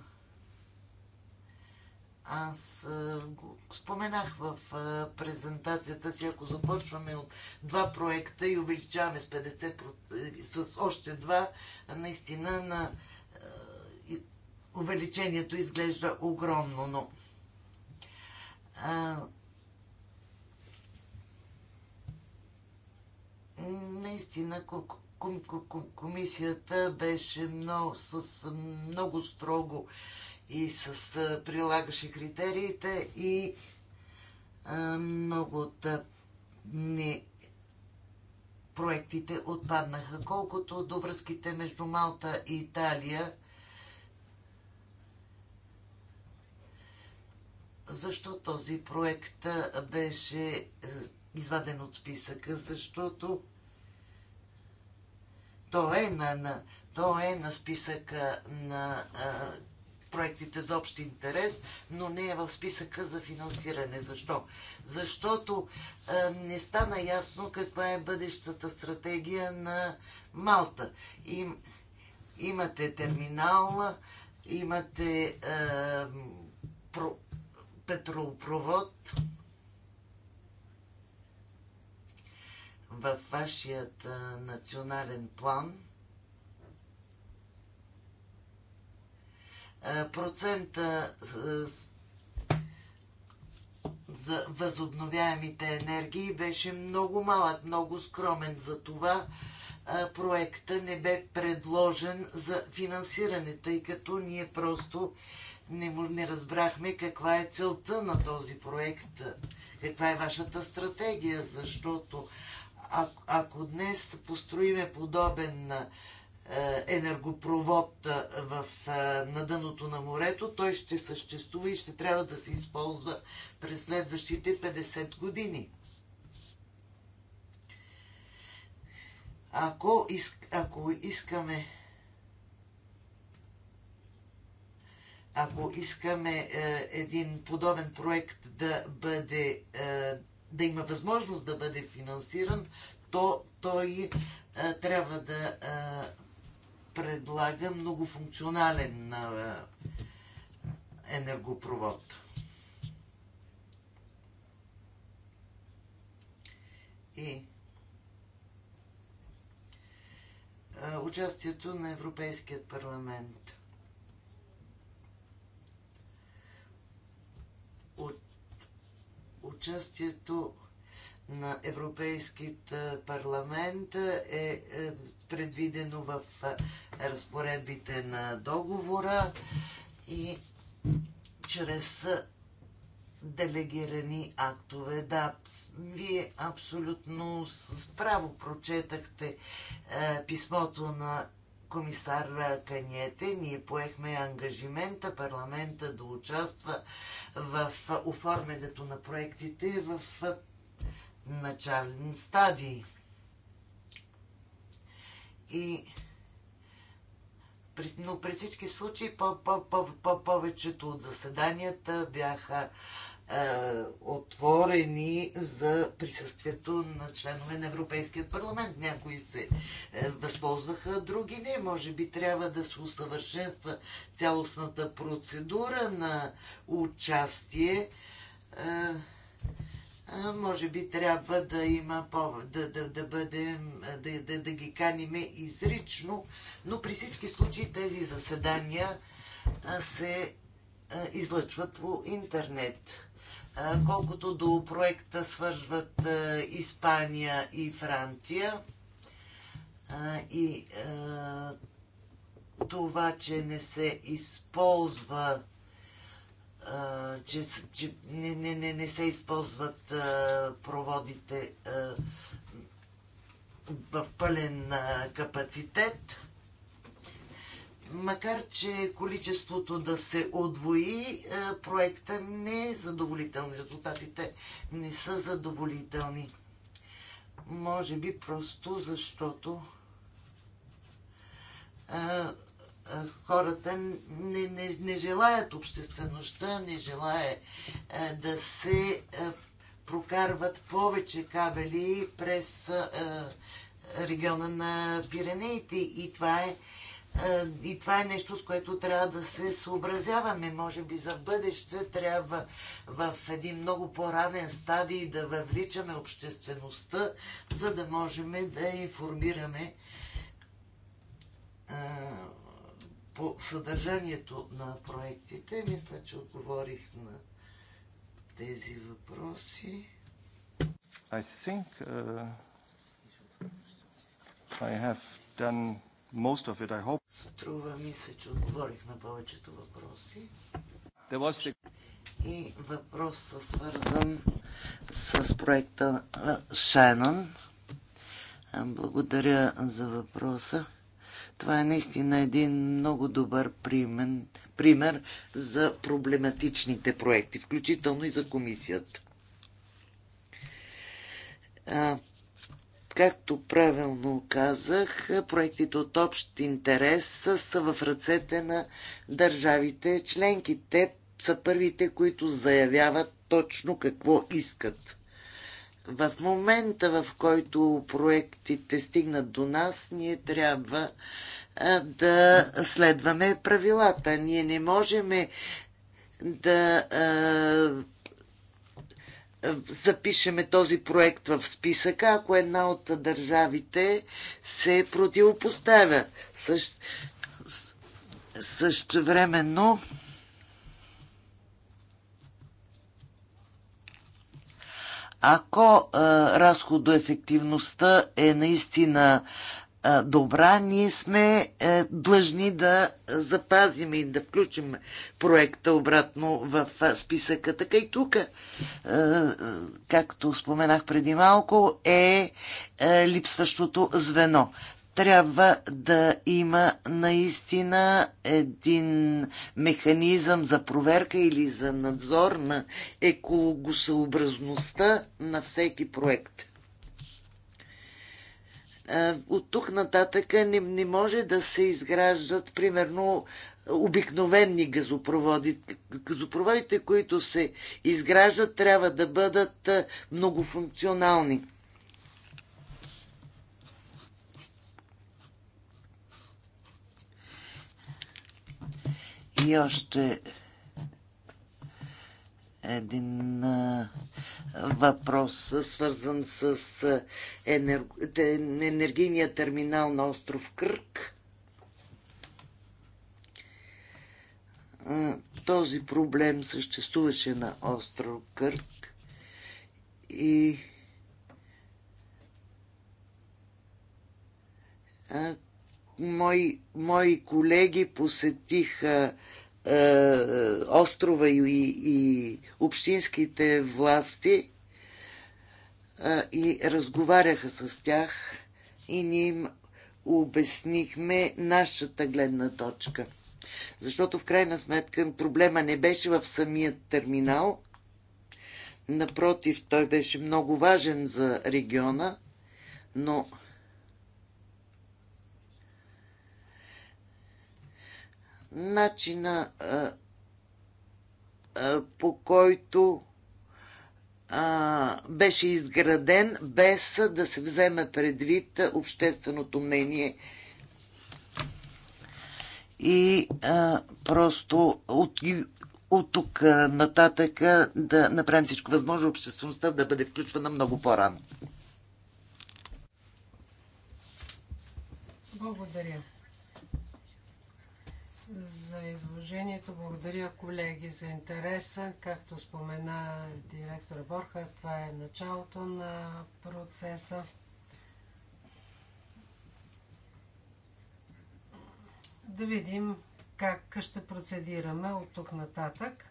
аз а, го споменах в а, презентацията си, ако започваме от два проекта и увеличаваме с 50%, с още два, наистина на увеличението изглежда огромно, но а, наистина комисията беше много, с много строго и с прилагаше критериите и а, много от не, проектите отпаднаха. Колкото до връзките между Малта и Италия, защо този проект беше е, изваден от списъка, защото то е на, на, то е на списъка на а, проектите за общ интерес, но не е в списъка за финансиране. Защо? Защото а, не стана ясно каква е бъдещата стратегия на Малта. Им, имате терминал, имате а, про, петролпровод във вашият национален план процента за възобновяемите енергии беше много малък, много скромен. За това проекта не бе предложен за финансиране, тъй като ние просто не, не разбрахме каква е целта на този проект, каква е вашата стратегия, защото а, ако днес построиме подобен е, енергопровод е, в, е, на дъното на морето, той ще съществува и ще трябва да се използва през следващите 50 години. Ако, иск, ако искаме ако искаме е, един подобен проект да бъде е, да има възможност да бъде финансиран, то той е, трябва да предлага многофункционален енергопровод. И участието на Европейският парламент. от участието на Европейският парламент е, е предвидено в е, разпоредбите на договора и чрез делегирани актове. Да, вие абсолютно справо прочетахте е, писмото на комисар Каньете, Ние поехме ангажимента парламента да участва в оформянето на проектите в начален стадий. И но при всички случаи по, по, по, по, повечето от заседанията бяха е, отворени за присъствието на членове на Европейския парламент. Някои се е, възползваха, други не. Може би трябва да се усъвършенства цялостната процедура на участие. Е, може би трябва да има повод, да, да, да бъдем, да, да, да ги каниме изрично, но при всички случаи тези заседания се излъчват по интернет. Колкото до проекта свързват Испания и Франция и това, че не се използва че, че не, не, не, се използват проводите в пълен капацитет. Макар, че количеството да се отвои, е, проекта не е задоволителен. Резултатите не са задоволителни. Може би просто защото е, е, хората не, не, не желаят обществеността, не желая да се прокарват повече кабели през региона на Пиренеите и това е и това е нещо, с което трябва да се съобразяваме. Може би за бъдеще трябва в един много по-ранен стадий да въвличаме обществеността, за да можем да информираме по съдържанието на проектите. Мисля, че отговорих на тези въпроси. I think uh, I have done most of it, I hope. Струва ми се, че отговорих на повечето въпроси. И въпросът е свързан с проекта Шенън. Благодаря за въпроса. Това е наистина един много добър примен, пример за проблематичните проекти, включително и за комисията. Както правилно казах, проектите от общ интерес са в ръцете на държавите членки. Те са първите, които заявяват точно какво искат. В момента, в който проектите стигнат до нас, ние трябва да следваме правилата. Ние не можем да запишеме този проект в списъка, ако една от държавите се противопоставя. Същ... Същевременно ако а, разходоефективността е наистина добра, ние сме е, длъжни да запазим и да включим проекта обратно в списъка. Така и тук, е, е, както споменах преди малко, е липсващото звено. Трябва да има наистина един механизъм за проверка или за надзор на екологосъобразността на всеки проект от тук нататък не, не може да се изграждат, примерно, обикновени газопроводи. Газопроводите, които се изграждат, трябва да бъдат многофункционални. И още един а, въпрос, свързан с енер... енергийния терминал на остров Кърк. този проблем съществуваше на остров Кърк и а, мои, мои колеги посетиха е, острова и, и, общинските власти е, и разговаряха с тях и ни им обяснихме нашата гледна точка. Защото в крайна сметка проблема не беше в самия терминал. Напротив, той беше много важен за региона, но начина а, а, по който а, беше изграден, без да се вземе предвид общественото мнение и а, просто от, от тук нататък да направим всичко възможно обществеността да бъде включвана много по-рано. Благодаря за изложението. Благодаря, колеги, за интереса. Както спомена директора Борха, това е началото на процеса. Да видим как ще процедираме от тук нататък.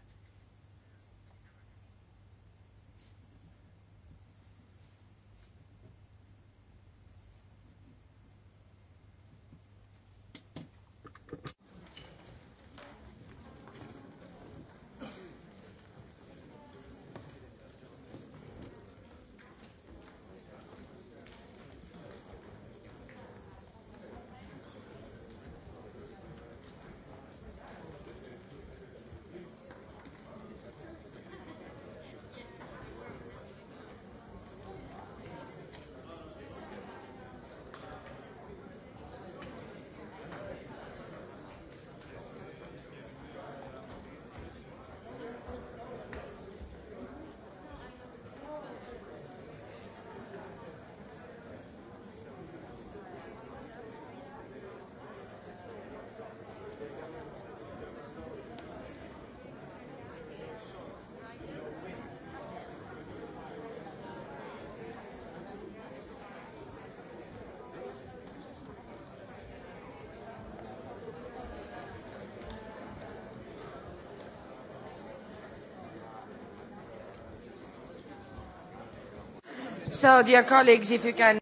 So, dear colleagues, if you can...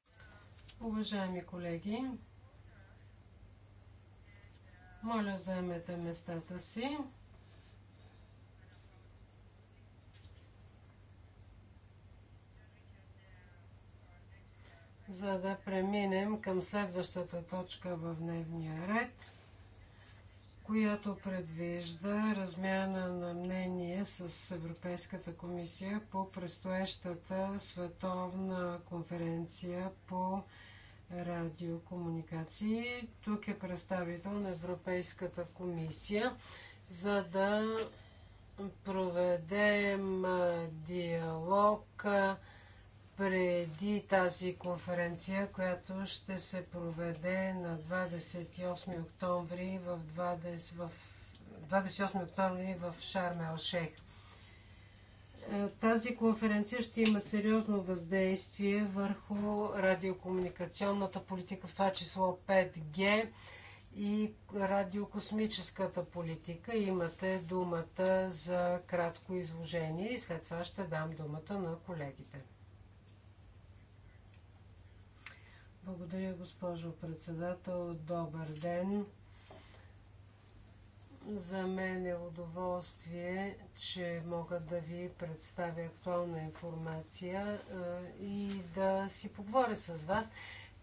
Уважаеми колеги, моля заемете местата си. за да преминем към следващата точка в дневния ред която предвижда размяна на мнение с Европейската комисия по предстоящата световна конференция по радиокомуникации. Тук е представител на Европейската комисия, за да проведем диалог преди тази конференция, която ще се проведе на 28 октомври в, 20, в 28 октомври в Шармел Шех. Е, тази конференция ще има сериозно въздействие върху радиокомуникационната политика, в това число 5G и радиокосмическата политика. Имате думата за кратко изложение и след това ще дам думата на колегите. Благодаря, госпожо председател. Добър ден. За мен е удоволствие, че мога да ви представя актуална информация и да си поговоря с вас.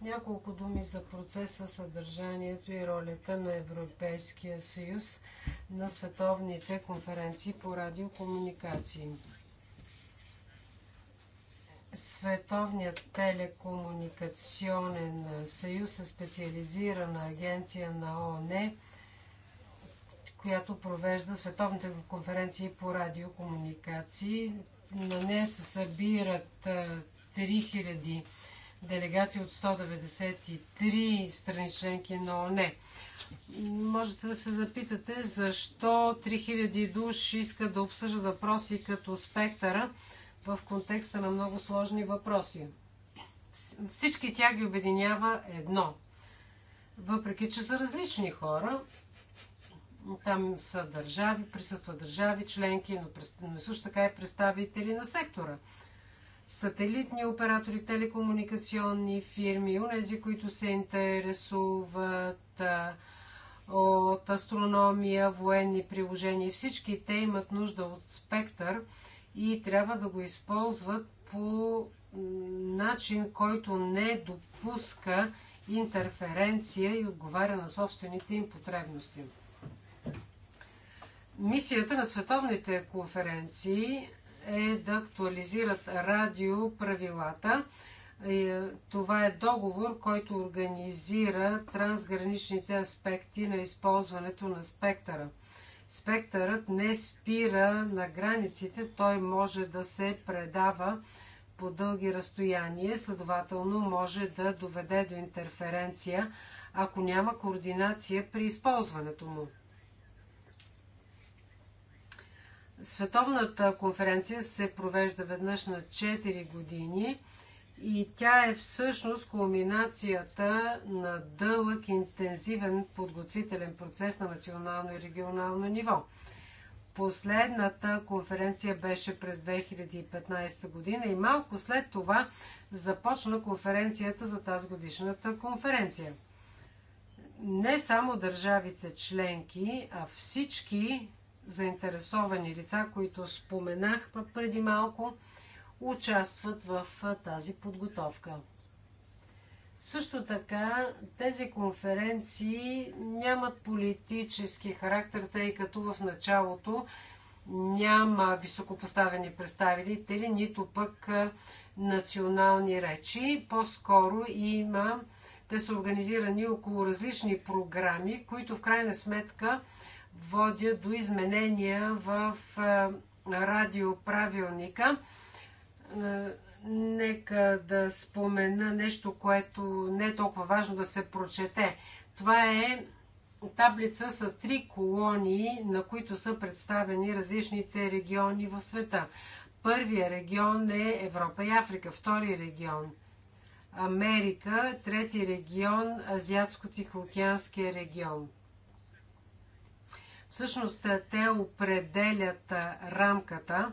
Няколко думи за процеса, съдържанието и ролята на Европейския съюз на световните конференции по радиокомуникации. Световният телекомуникационен съюз е специализирана агенция на ООН, която провежда световните конференции по радиокомуникации. На нея се събират 3000 делегати от 193 страни членки на ОНЕ. Можете да се запитате защо 3000 души искат да обсъждат въпроси като спектъра, в контекста на много сложни въпроси. Всички тя ги обединява едно. Въпреки, че са различни хора, там са държави, присъства държави, членки, но също така и представители на сектора сателитни оператори, телекомуникационни фирми, унези, които се интересуват от астрономия, военни приложения. Всички те имат нужда от спектър, и трябва да го използват по начин, който не допуска интерференция и отговаря на собствените им потребности. Мисията на световните конференции е да актуализират радиоправилата. Е, това е договор, който организира трансграничните аспекти на използването на спектъра – Спектърът не спира на границите, той може да се предава по дълги разстояния, следователно може да доведе до интерференция, ако няма координация при използването му. Световната конференция се провежда веднъж на 4 години – и тя е всъщност кулминацията на дълъг, интензивен подготвителен процес на национално и регионално ниво. Последната конференция беше през 2015 година и малко след това започна конференцията за тази годишната конференция. Не само държавите членки, а всички заинтересовани лица, които споменах преди малко, участват в тази подготовка. Също така, тези конференции нямат политически характер, тъй като в началото няма високопоставени представители, нито пък национални речи. По-скоро има, те са организирани около различни програми, които в крайна сметка водят до изменения в радиоправилника. Е, нека да спомена нещо, което не е толкова важно да се прочете. Това е таблица с три колони, на които са представени различните региони в света. Първия регион е Европа и Африка, втори регион Америка, трети регион Азиатско-Тихоокеанския регион. Всъщност те определят рамката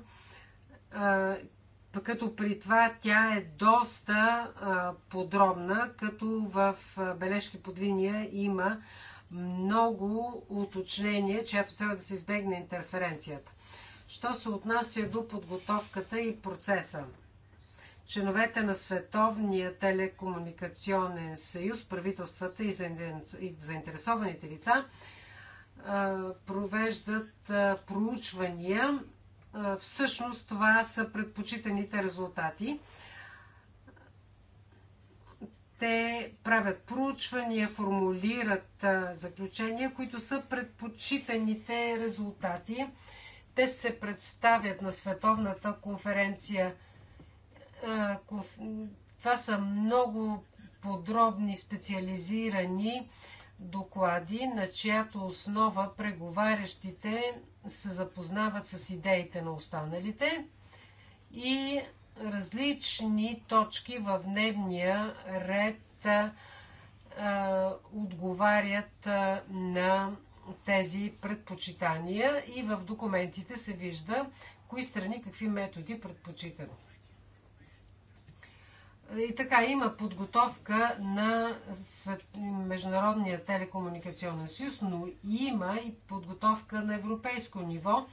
като при това тя е доста а, подробна, като в бележки под линия има много уточнение, чиято цел е да се избегне интерференцията. Що се отнася до подготовката и процеса? Членовете на Световния телекомуникационен съюз, правителствата и заинтересованите лица провеждат проучвания всъщност това са предпочитаните резултати. Те правят проучвания, формулират заключения, които са предпочитаните резултати. Те се представят на Световната конференция. Това са много подробни специализирани доклади, на чиято основа преговарящите се запознават с идеите на останалите и различни точки в дневния ред а, отговарят а, на тези предпочитания и в документите се вижда кои страни какви методи предпочитат. И така, има подготовка на Международния телекомуникационен съюз, но има и подготовка на европейско ниво,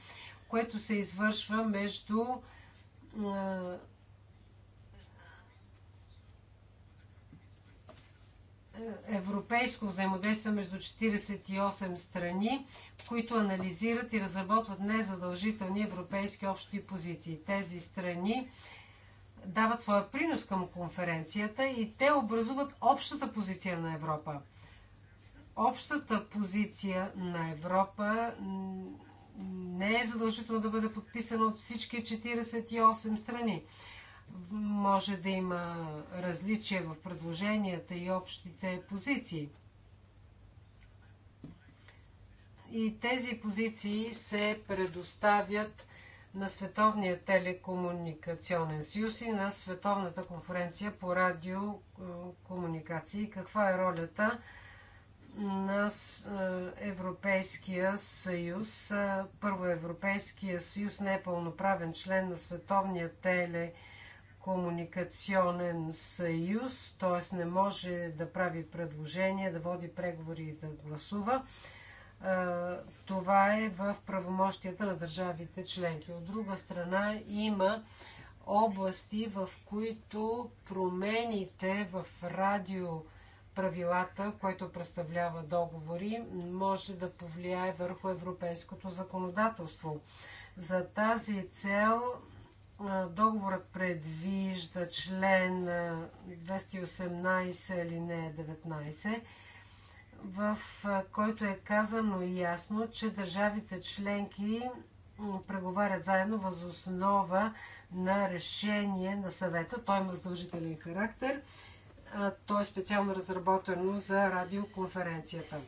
което се извършва между е, европейско взаимодействие между 48 страни, които анализират и разработват незадължителни европейски общи позиции. Тези страни дават своя принос към конференцията и те образуват общата позиция на Европа. Общата позиция на Европа не е задължително да бъде подписана от всички 48 страни. Може да има различия в предложенията и общите позиции. И тези позиции се предоставят на Световния телекомуникационен съюз и на Световната конференция по радиокомуникации. Е, Каква е ролята на е, Европейския съюз? Е, първо, Европейския съюз не е пълноправен член на Световния телекомуникационен съюз, т.е. не може да прави предложения, да води преговори и да гласува. Е, това е в правомощията на държавите членки. От друга страна има области, в които промените в радио правилата, което представлява договори, може да повлияе върху европейското законодателство. За тази цел е, договорът предвижда член 218 или не 19 в който е казано ясно, че държавите членки преговарят заедно въз основа на решение на съвета. Той има задължителен характер. То е специално разработено за радиоконференцията.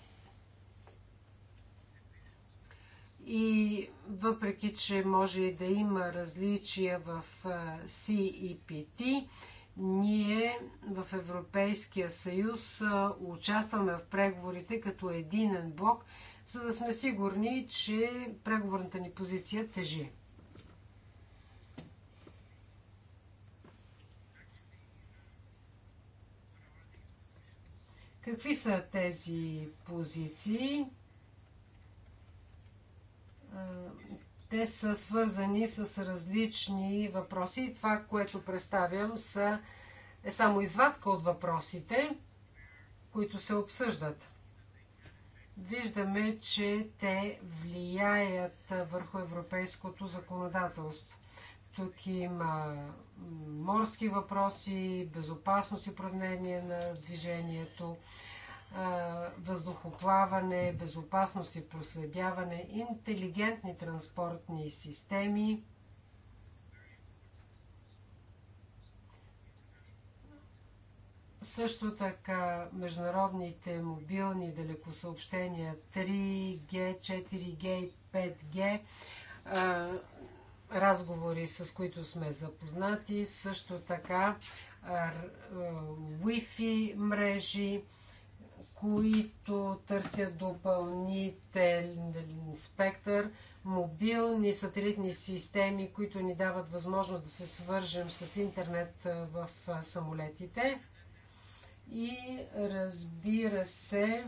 И въпреки, че може и да има различия в CEPT, ние в Европейския съюз участваме в преговорите като единен блок, за да сме сигурни, че преговорната ни позиция тежи. Какви са тези позиции? Те са свързани с различни въпроси. Това, което представям, са, е само извадка от въпросите, които се обсъждат. Виждаме, че те влияят върху европейското законодателство. Тук има морски въпроси, безопасност и управление на движението, въздухоплаване, безопасност и проследяване, интелигентни транспортни системи, Също така международните мобилни далекосъобщения 3G, 4G и 5G, разговори с които сме запознати, също така Wi-Fi мрежи, които търсят допълнителен спектър, мобилни сателитни системи, които ни дават възможност да се свържем с интернет в самолетите. И разбира се,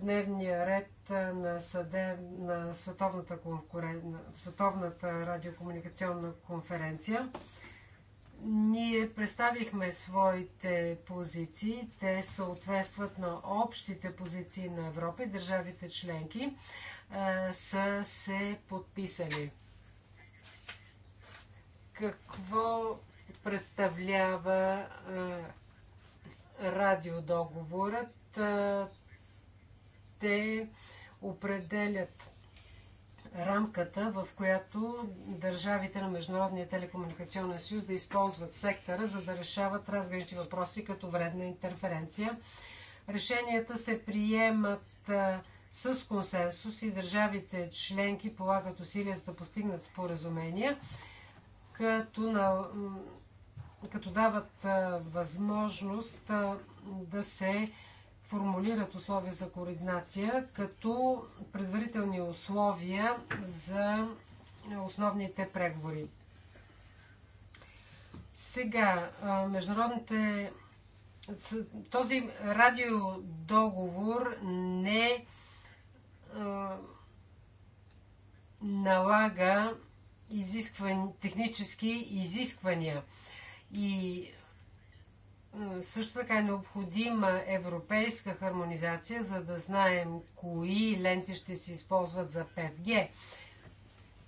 дневния ред на, съдеб, на Световната, конкурен... Световната радиокомуникационна конференция – ние представихме своите позиции. Те съответстват на общите позиции на Европа и държавите членки са се подписали. Какво представлява радиодоговорът? Те определят рамката, в която държавите на Международния телекомуникационен съюз да използват сектора, за да решават разгранични въпроси като вредна интерференция. Решенията се приемат с консенсус и държавите членки полагат усилия за да постигнат споразумения, като, на, като дават възможност да се формулират условия за координация като предварителни условия за е, основните преговори. Сега, международните. Този радиодоговор не налага изискван... технически изисквания и също така е необходима европейска хармонизация, за да знаем кои ленти ще се използват за 5G,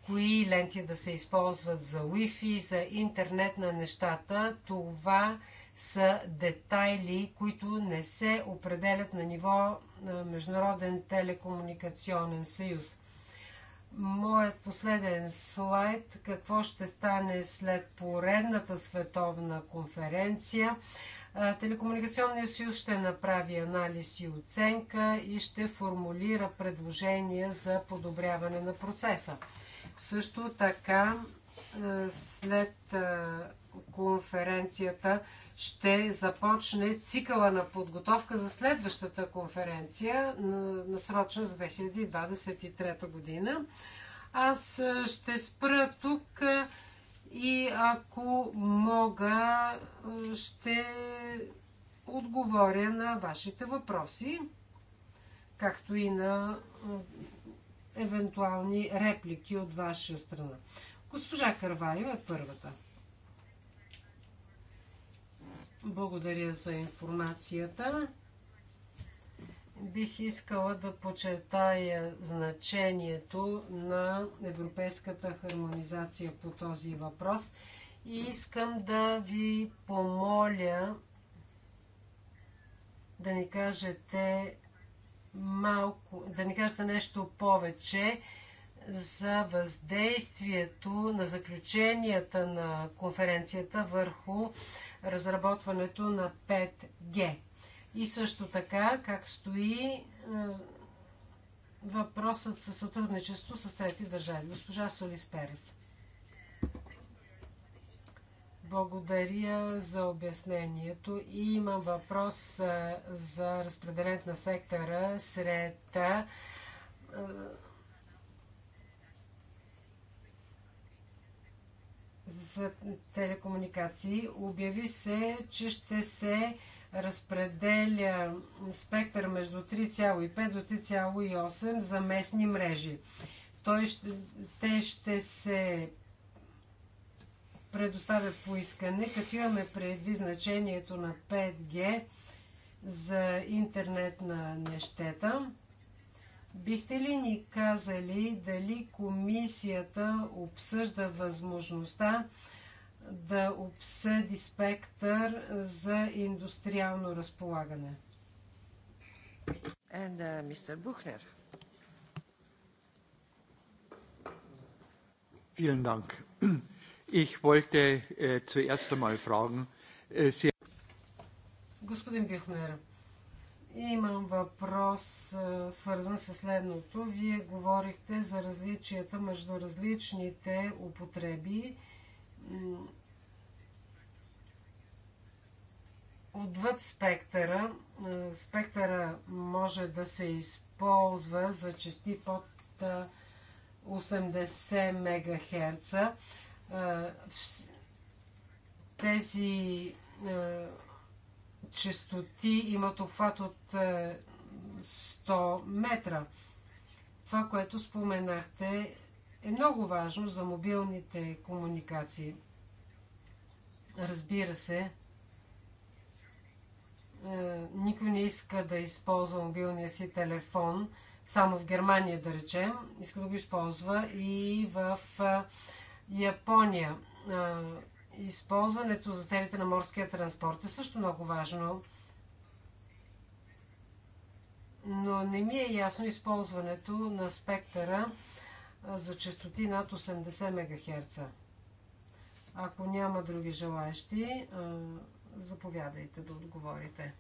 кои ленти да се използват за Wi-Fi, за интернет на нещата. Това са детайли, които не се определят на ниво на Международен телекомуникационен съюз моят последен слайд, какво ще стане след поредната световна конференция. Телекомуникационния съюз ще направи анализ и оценка и ще формулира предложения за подобряване на процеса. Също така, след конференцията ще започне цикъла на подготовка за следващата конференция, насрочена за 2023 година. Аз ще спра тук и ако мога, ще отговоря на вашите въпроси, както и на евентуални реплики от ваша страна. Госпожа Карвайо е първата. Благодаря за информацията. Бих искала да почертая значението на европейската хармонизация по този въпрос и искам да ви помоля да ни кажете малко, да ни кажете нещо повече за въздействието на заключенията на конференцията върху разработването на 5G. И също така как стои е, въпросът със сътрудничество с трети държави. Госпожа Солис Перес. Благодаря за обяснението. И имам въпрос е, за разпределението на сектора сред е, за телекомуникации. Обяви се, че ще се разпределя спектър между 3,5 до 3,8 за местни мрежи. Той ще, те ще се предоставя поискане, като имаме предвид значението на 5G за интернет на нещета. Бихте ли ни казали дали комисията обсъжда възможността да обсъди спектър за индустриално разполагане? And, uh, Vielen Dank. Ich wollte äh, zuerst einmal fragen, äh, Sie Господин Бюхнер, Имам въпрос, свързан с следното. Вие говорихте за различията между различните употреби. Отвъд спектъра, спектъра може да се използва за части под 80 МГц. Тези честоти имат обхват от 100 е, метра. Това, което споменахте, е много важно за мобилните комуникации. Разбира се, е, никой не иска да използва мобилния си телефон, само в Германия, да речем, иска да го използва и в е, Япония използването за целите на морския транспорт е също много важно. Но не ми е ясно използването на спектъра за частоти над 80 МГц. Ако няма други желаящи, заповядайте да отговорите.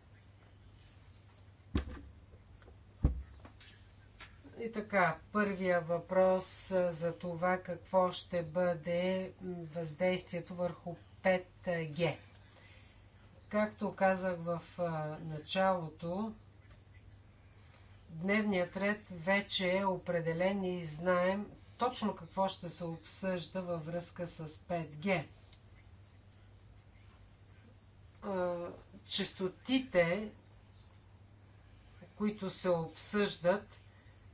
И така, първия въпрос за това какво ще бъде въздействието върху 5G. Както казах в началото, дневният ред вече е определен и знаем точно какво ще се обсъжда във връзка с 5G. Честотите, които се обсъждат,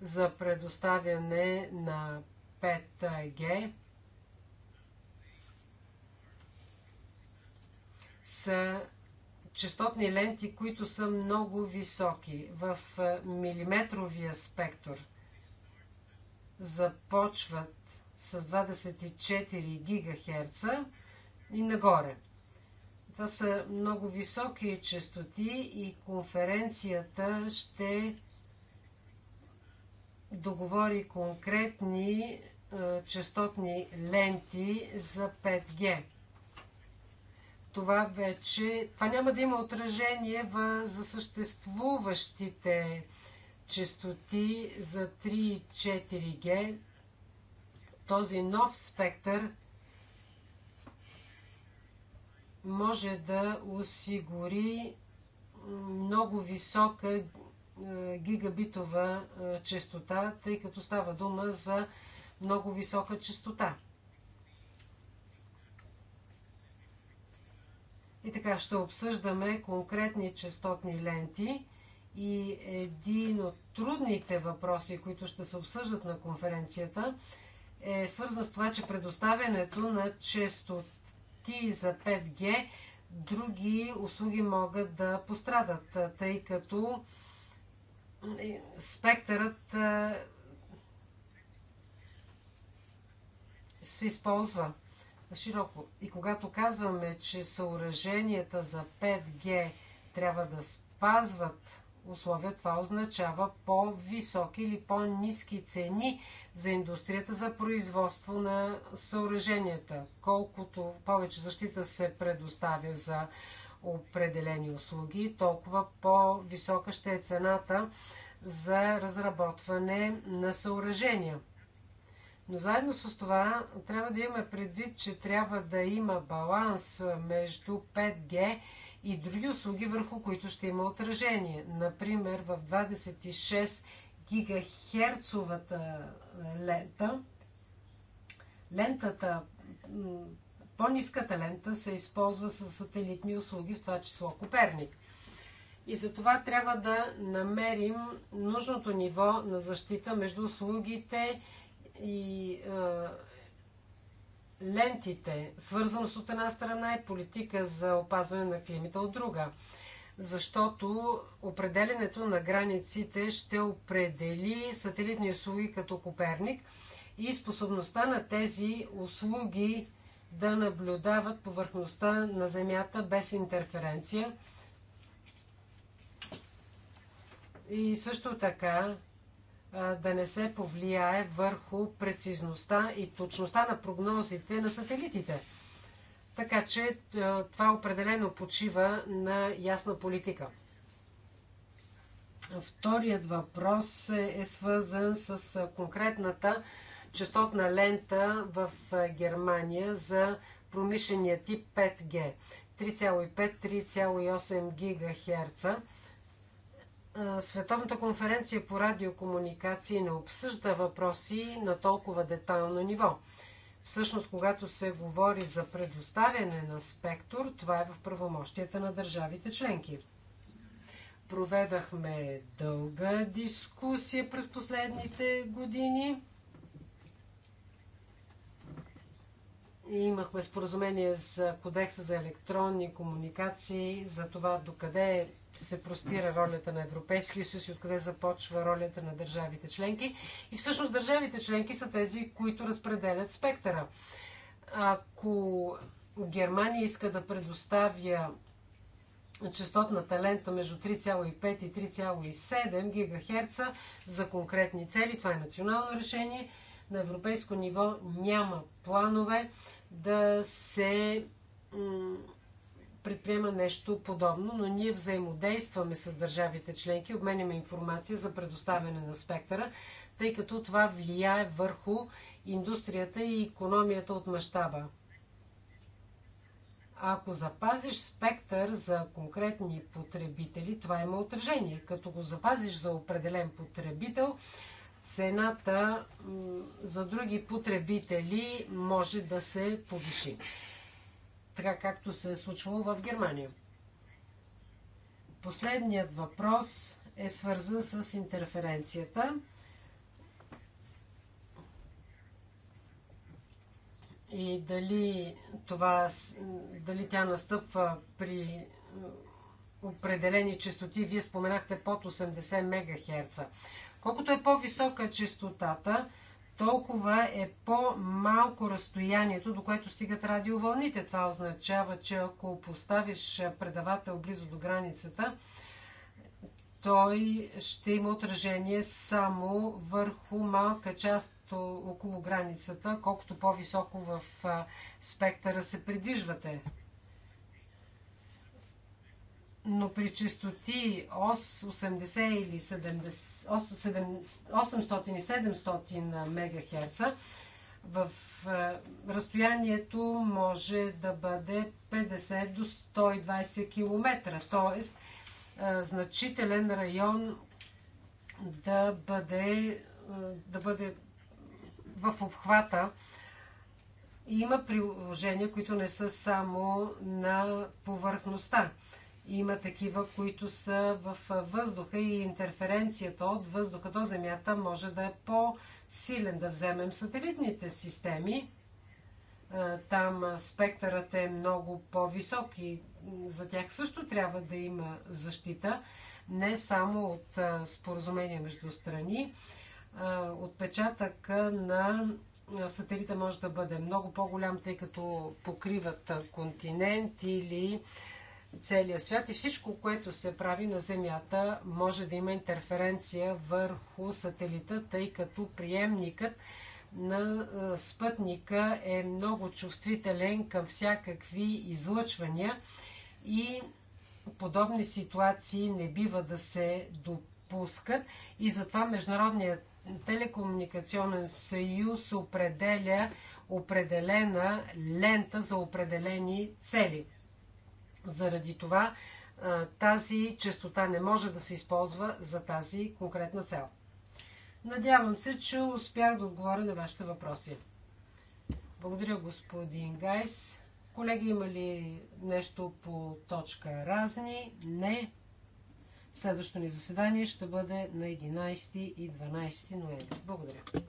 за предоставяне на 5G са частотни ленти, които са много високи в милиметровия спектър. Започват с 24 ГГц и нагоре. Това са много високи частоти и конференцията ще договори конкретни е, частотни ленти за 5G. Това вече. Това няма да има отражение в, за съществуващите частоти за 3 и 4G. Този нов спектър може да осигури много висока е, гигабитова е, частота, тъй като става дума за много висока частота. И така ще обсъждаме конкретни частотни ленти и един от трудните въпроси, които ще се обсъждат на конференцията, е свързан с това, че предоставянето на честоти за 5G други услуги могат да пострадат, тъй като спектърът е, се използва широко. И когато казваме, че съоръженията за 5G трябва да спазват условия, това означава по-високи или по-низки цени за индустрията за производство на съоръженията. Колкото повече защита се предоставя за определени услуги, толкова по-висока ще е цената за разработване на съоръжения. Но заедно с това трябва да имаме предвид, че трябва да има баланс между 5G и други услуги, върху които ще има отражение. Например, в 26 гигахерцовата лента, лентата по-низката лента се използва с сателитни услуги, в това число Коперник. И за това трябва да намерим нужното ниво на защита между услугите и е, лентите, свързаност от една страна и политика за опазване на климата от друга. Защото определенето на границите ще определи сателитни услуги като Коперник и способността на тези услуги да наблюдават повърхността на Земята без интерференция. И също така да не се повлияе върху прецизността и точността на прогнозите на сателитите. Така че това определено почива на ясна политика. Вторият въпрос е, е свързан с конкретната частотна лента в Германия за промишления тип 5G 3,5-3,8 ГГц. Световната конференция по радиокомуникации не обсъжда въпроси на толкова детайлно ниво. Всъщност, когато се говори за предоставяне на спектър, това е в правомощията на държавите членки. Проведахме дълга дискусия през последните години. Имахме споразумение за кодекса за електронни комуникации, за това докъде се простира ролята на Европейския съюз и откъде започва ролята на държавите членки. И всъщност държавите членки са тези, които разпределят спектъра. Ако Германия иска да предоставя частотната лента между 3,5 и 3,7 ГГц за конкретни цели. Това е национално решение. На европейско ниво няма планове да се предприема нещо подобно, но ние взаимодействаме с държавите членки, обменяме информация за предоставяне на спектъра, тъй като това влияе върху индустрията и економията от мащаба. Ако запазиш спектър за конкретни потребители, това има отражение. Като го запазиш за определен потребител, цената за други потребители може да се повиши. Така както се е случвало в Германия. Последният въпрос е свързан с интерференцията. И дали, това, дали тя настъпва при определени частоти, вие споменахте под 80 МГц. Колкото е по-висока частотата, толкова е по-малко разстоянието, до което стигат радиовълните. Това означава, че ако поставиш предавател близо до границата, той ще има отражение само върху малка част около границата, колкото по-високо в спектъра се придвижвате но при частоти 80 или 70, 800 и 700 МГц в е, разстоянието може да бъде 50 до 120 км, т.е. значителен район да бъде, е, да бъде в обхвата. Има приложения, които не са само на повърхността. Има такива, които са в въздуха и интерференцията от въздуха до Земята може да е по-силен. Да вземем сателитните системи. Е, там спектърът е много по-висок и за тях също трябва да има защита, не само от е, споразумения между страни. Е, Отпечатък на сателита може да бъде много по-голям, тъй като покриват континент или целия свят и всичко, което се прави на Земята, може да има интерференция върху сателита, тъй като приемникът на спътника е много чувствителен към всякакви излъчвания и подобни ситуации не бива да се допускат и затова Международният телекомуникационен съюз определя определена лента за определени цели – заради това тази частота не може да се използва за тази конкретна цел. Надявам се, че успях да отговоря на вашите въпроси. Благодаря, господин Гайс. Колеги, има ли нещо по точка разни? Не. Следващото ни заседание ще бъде на 11 и 12 ноември. Благодаря.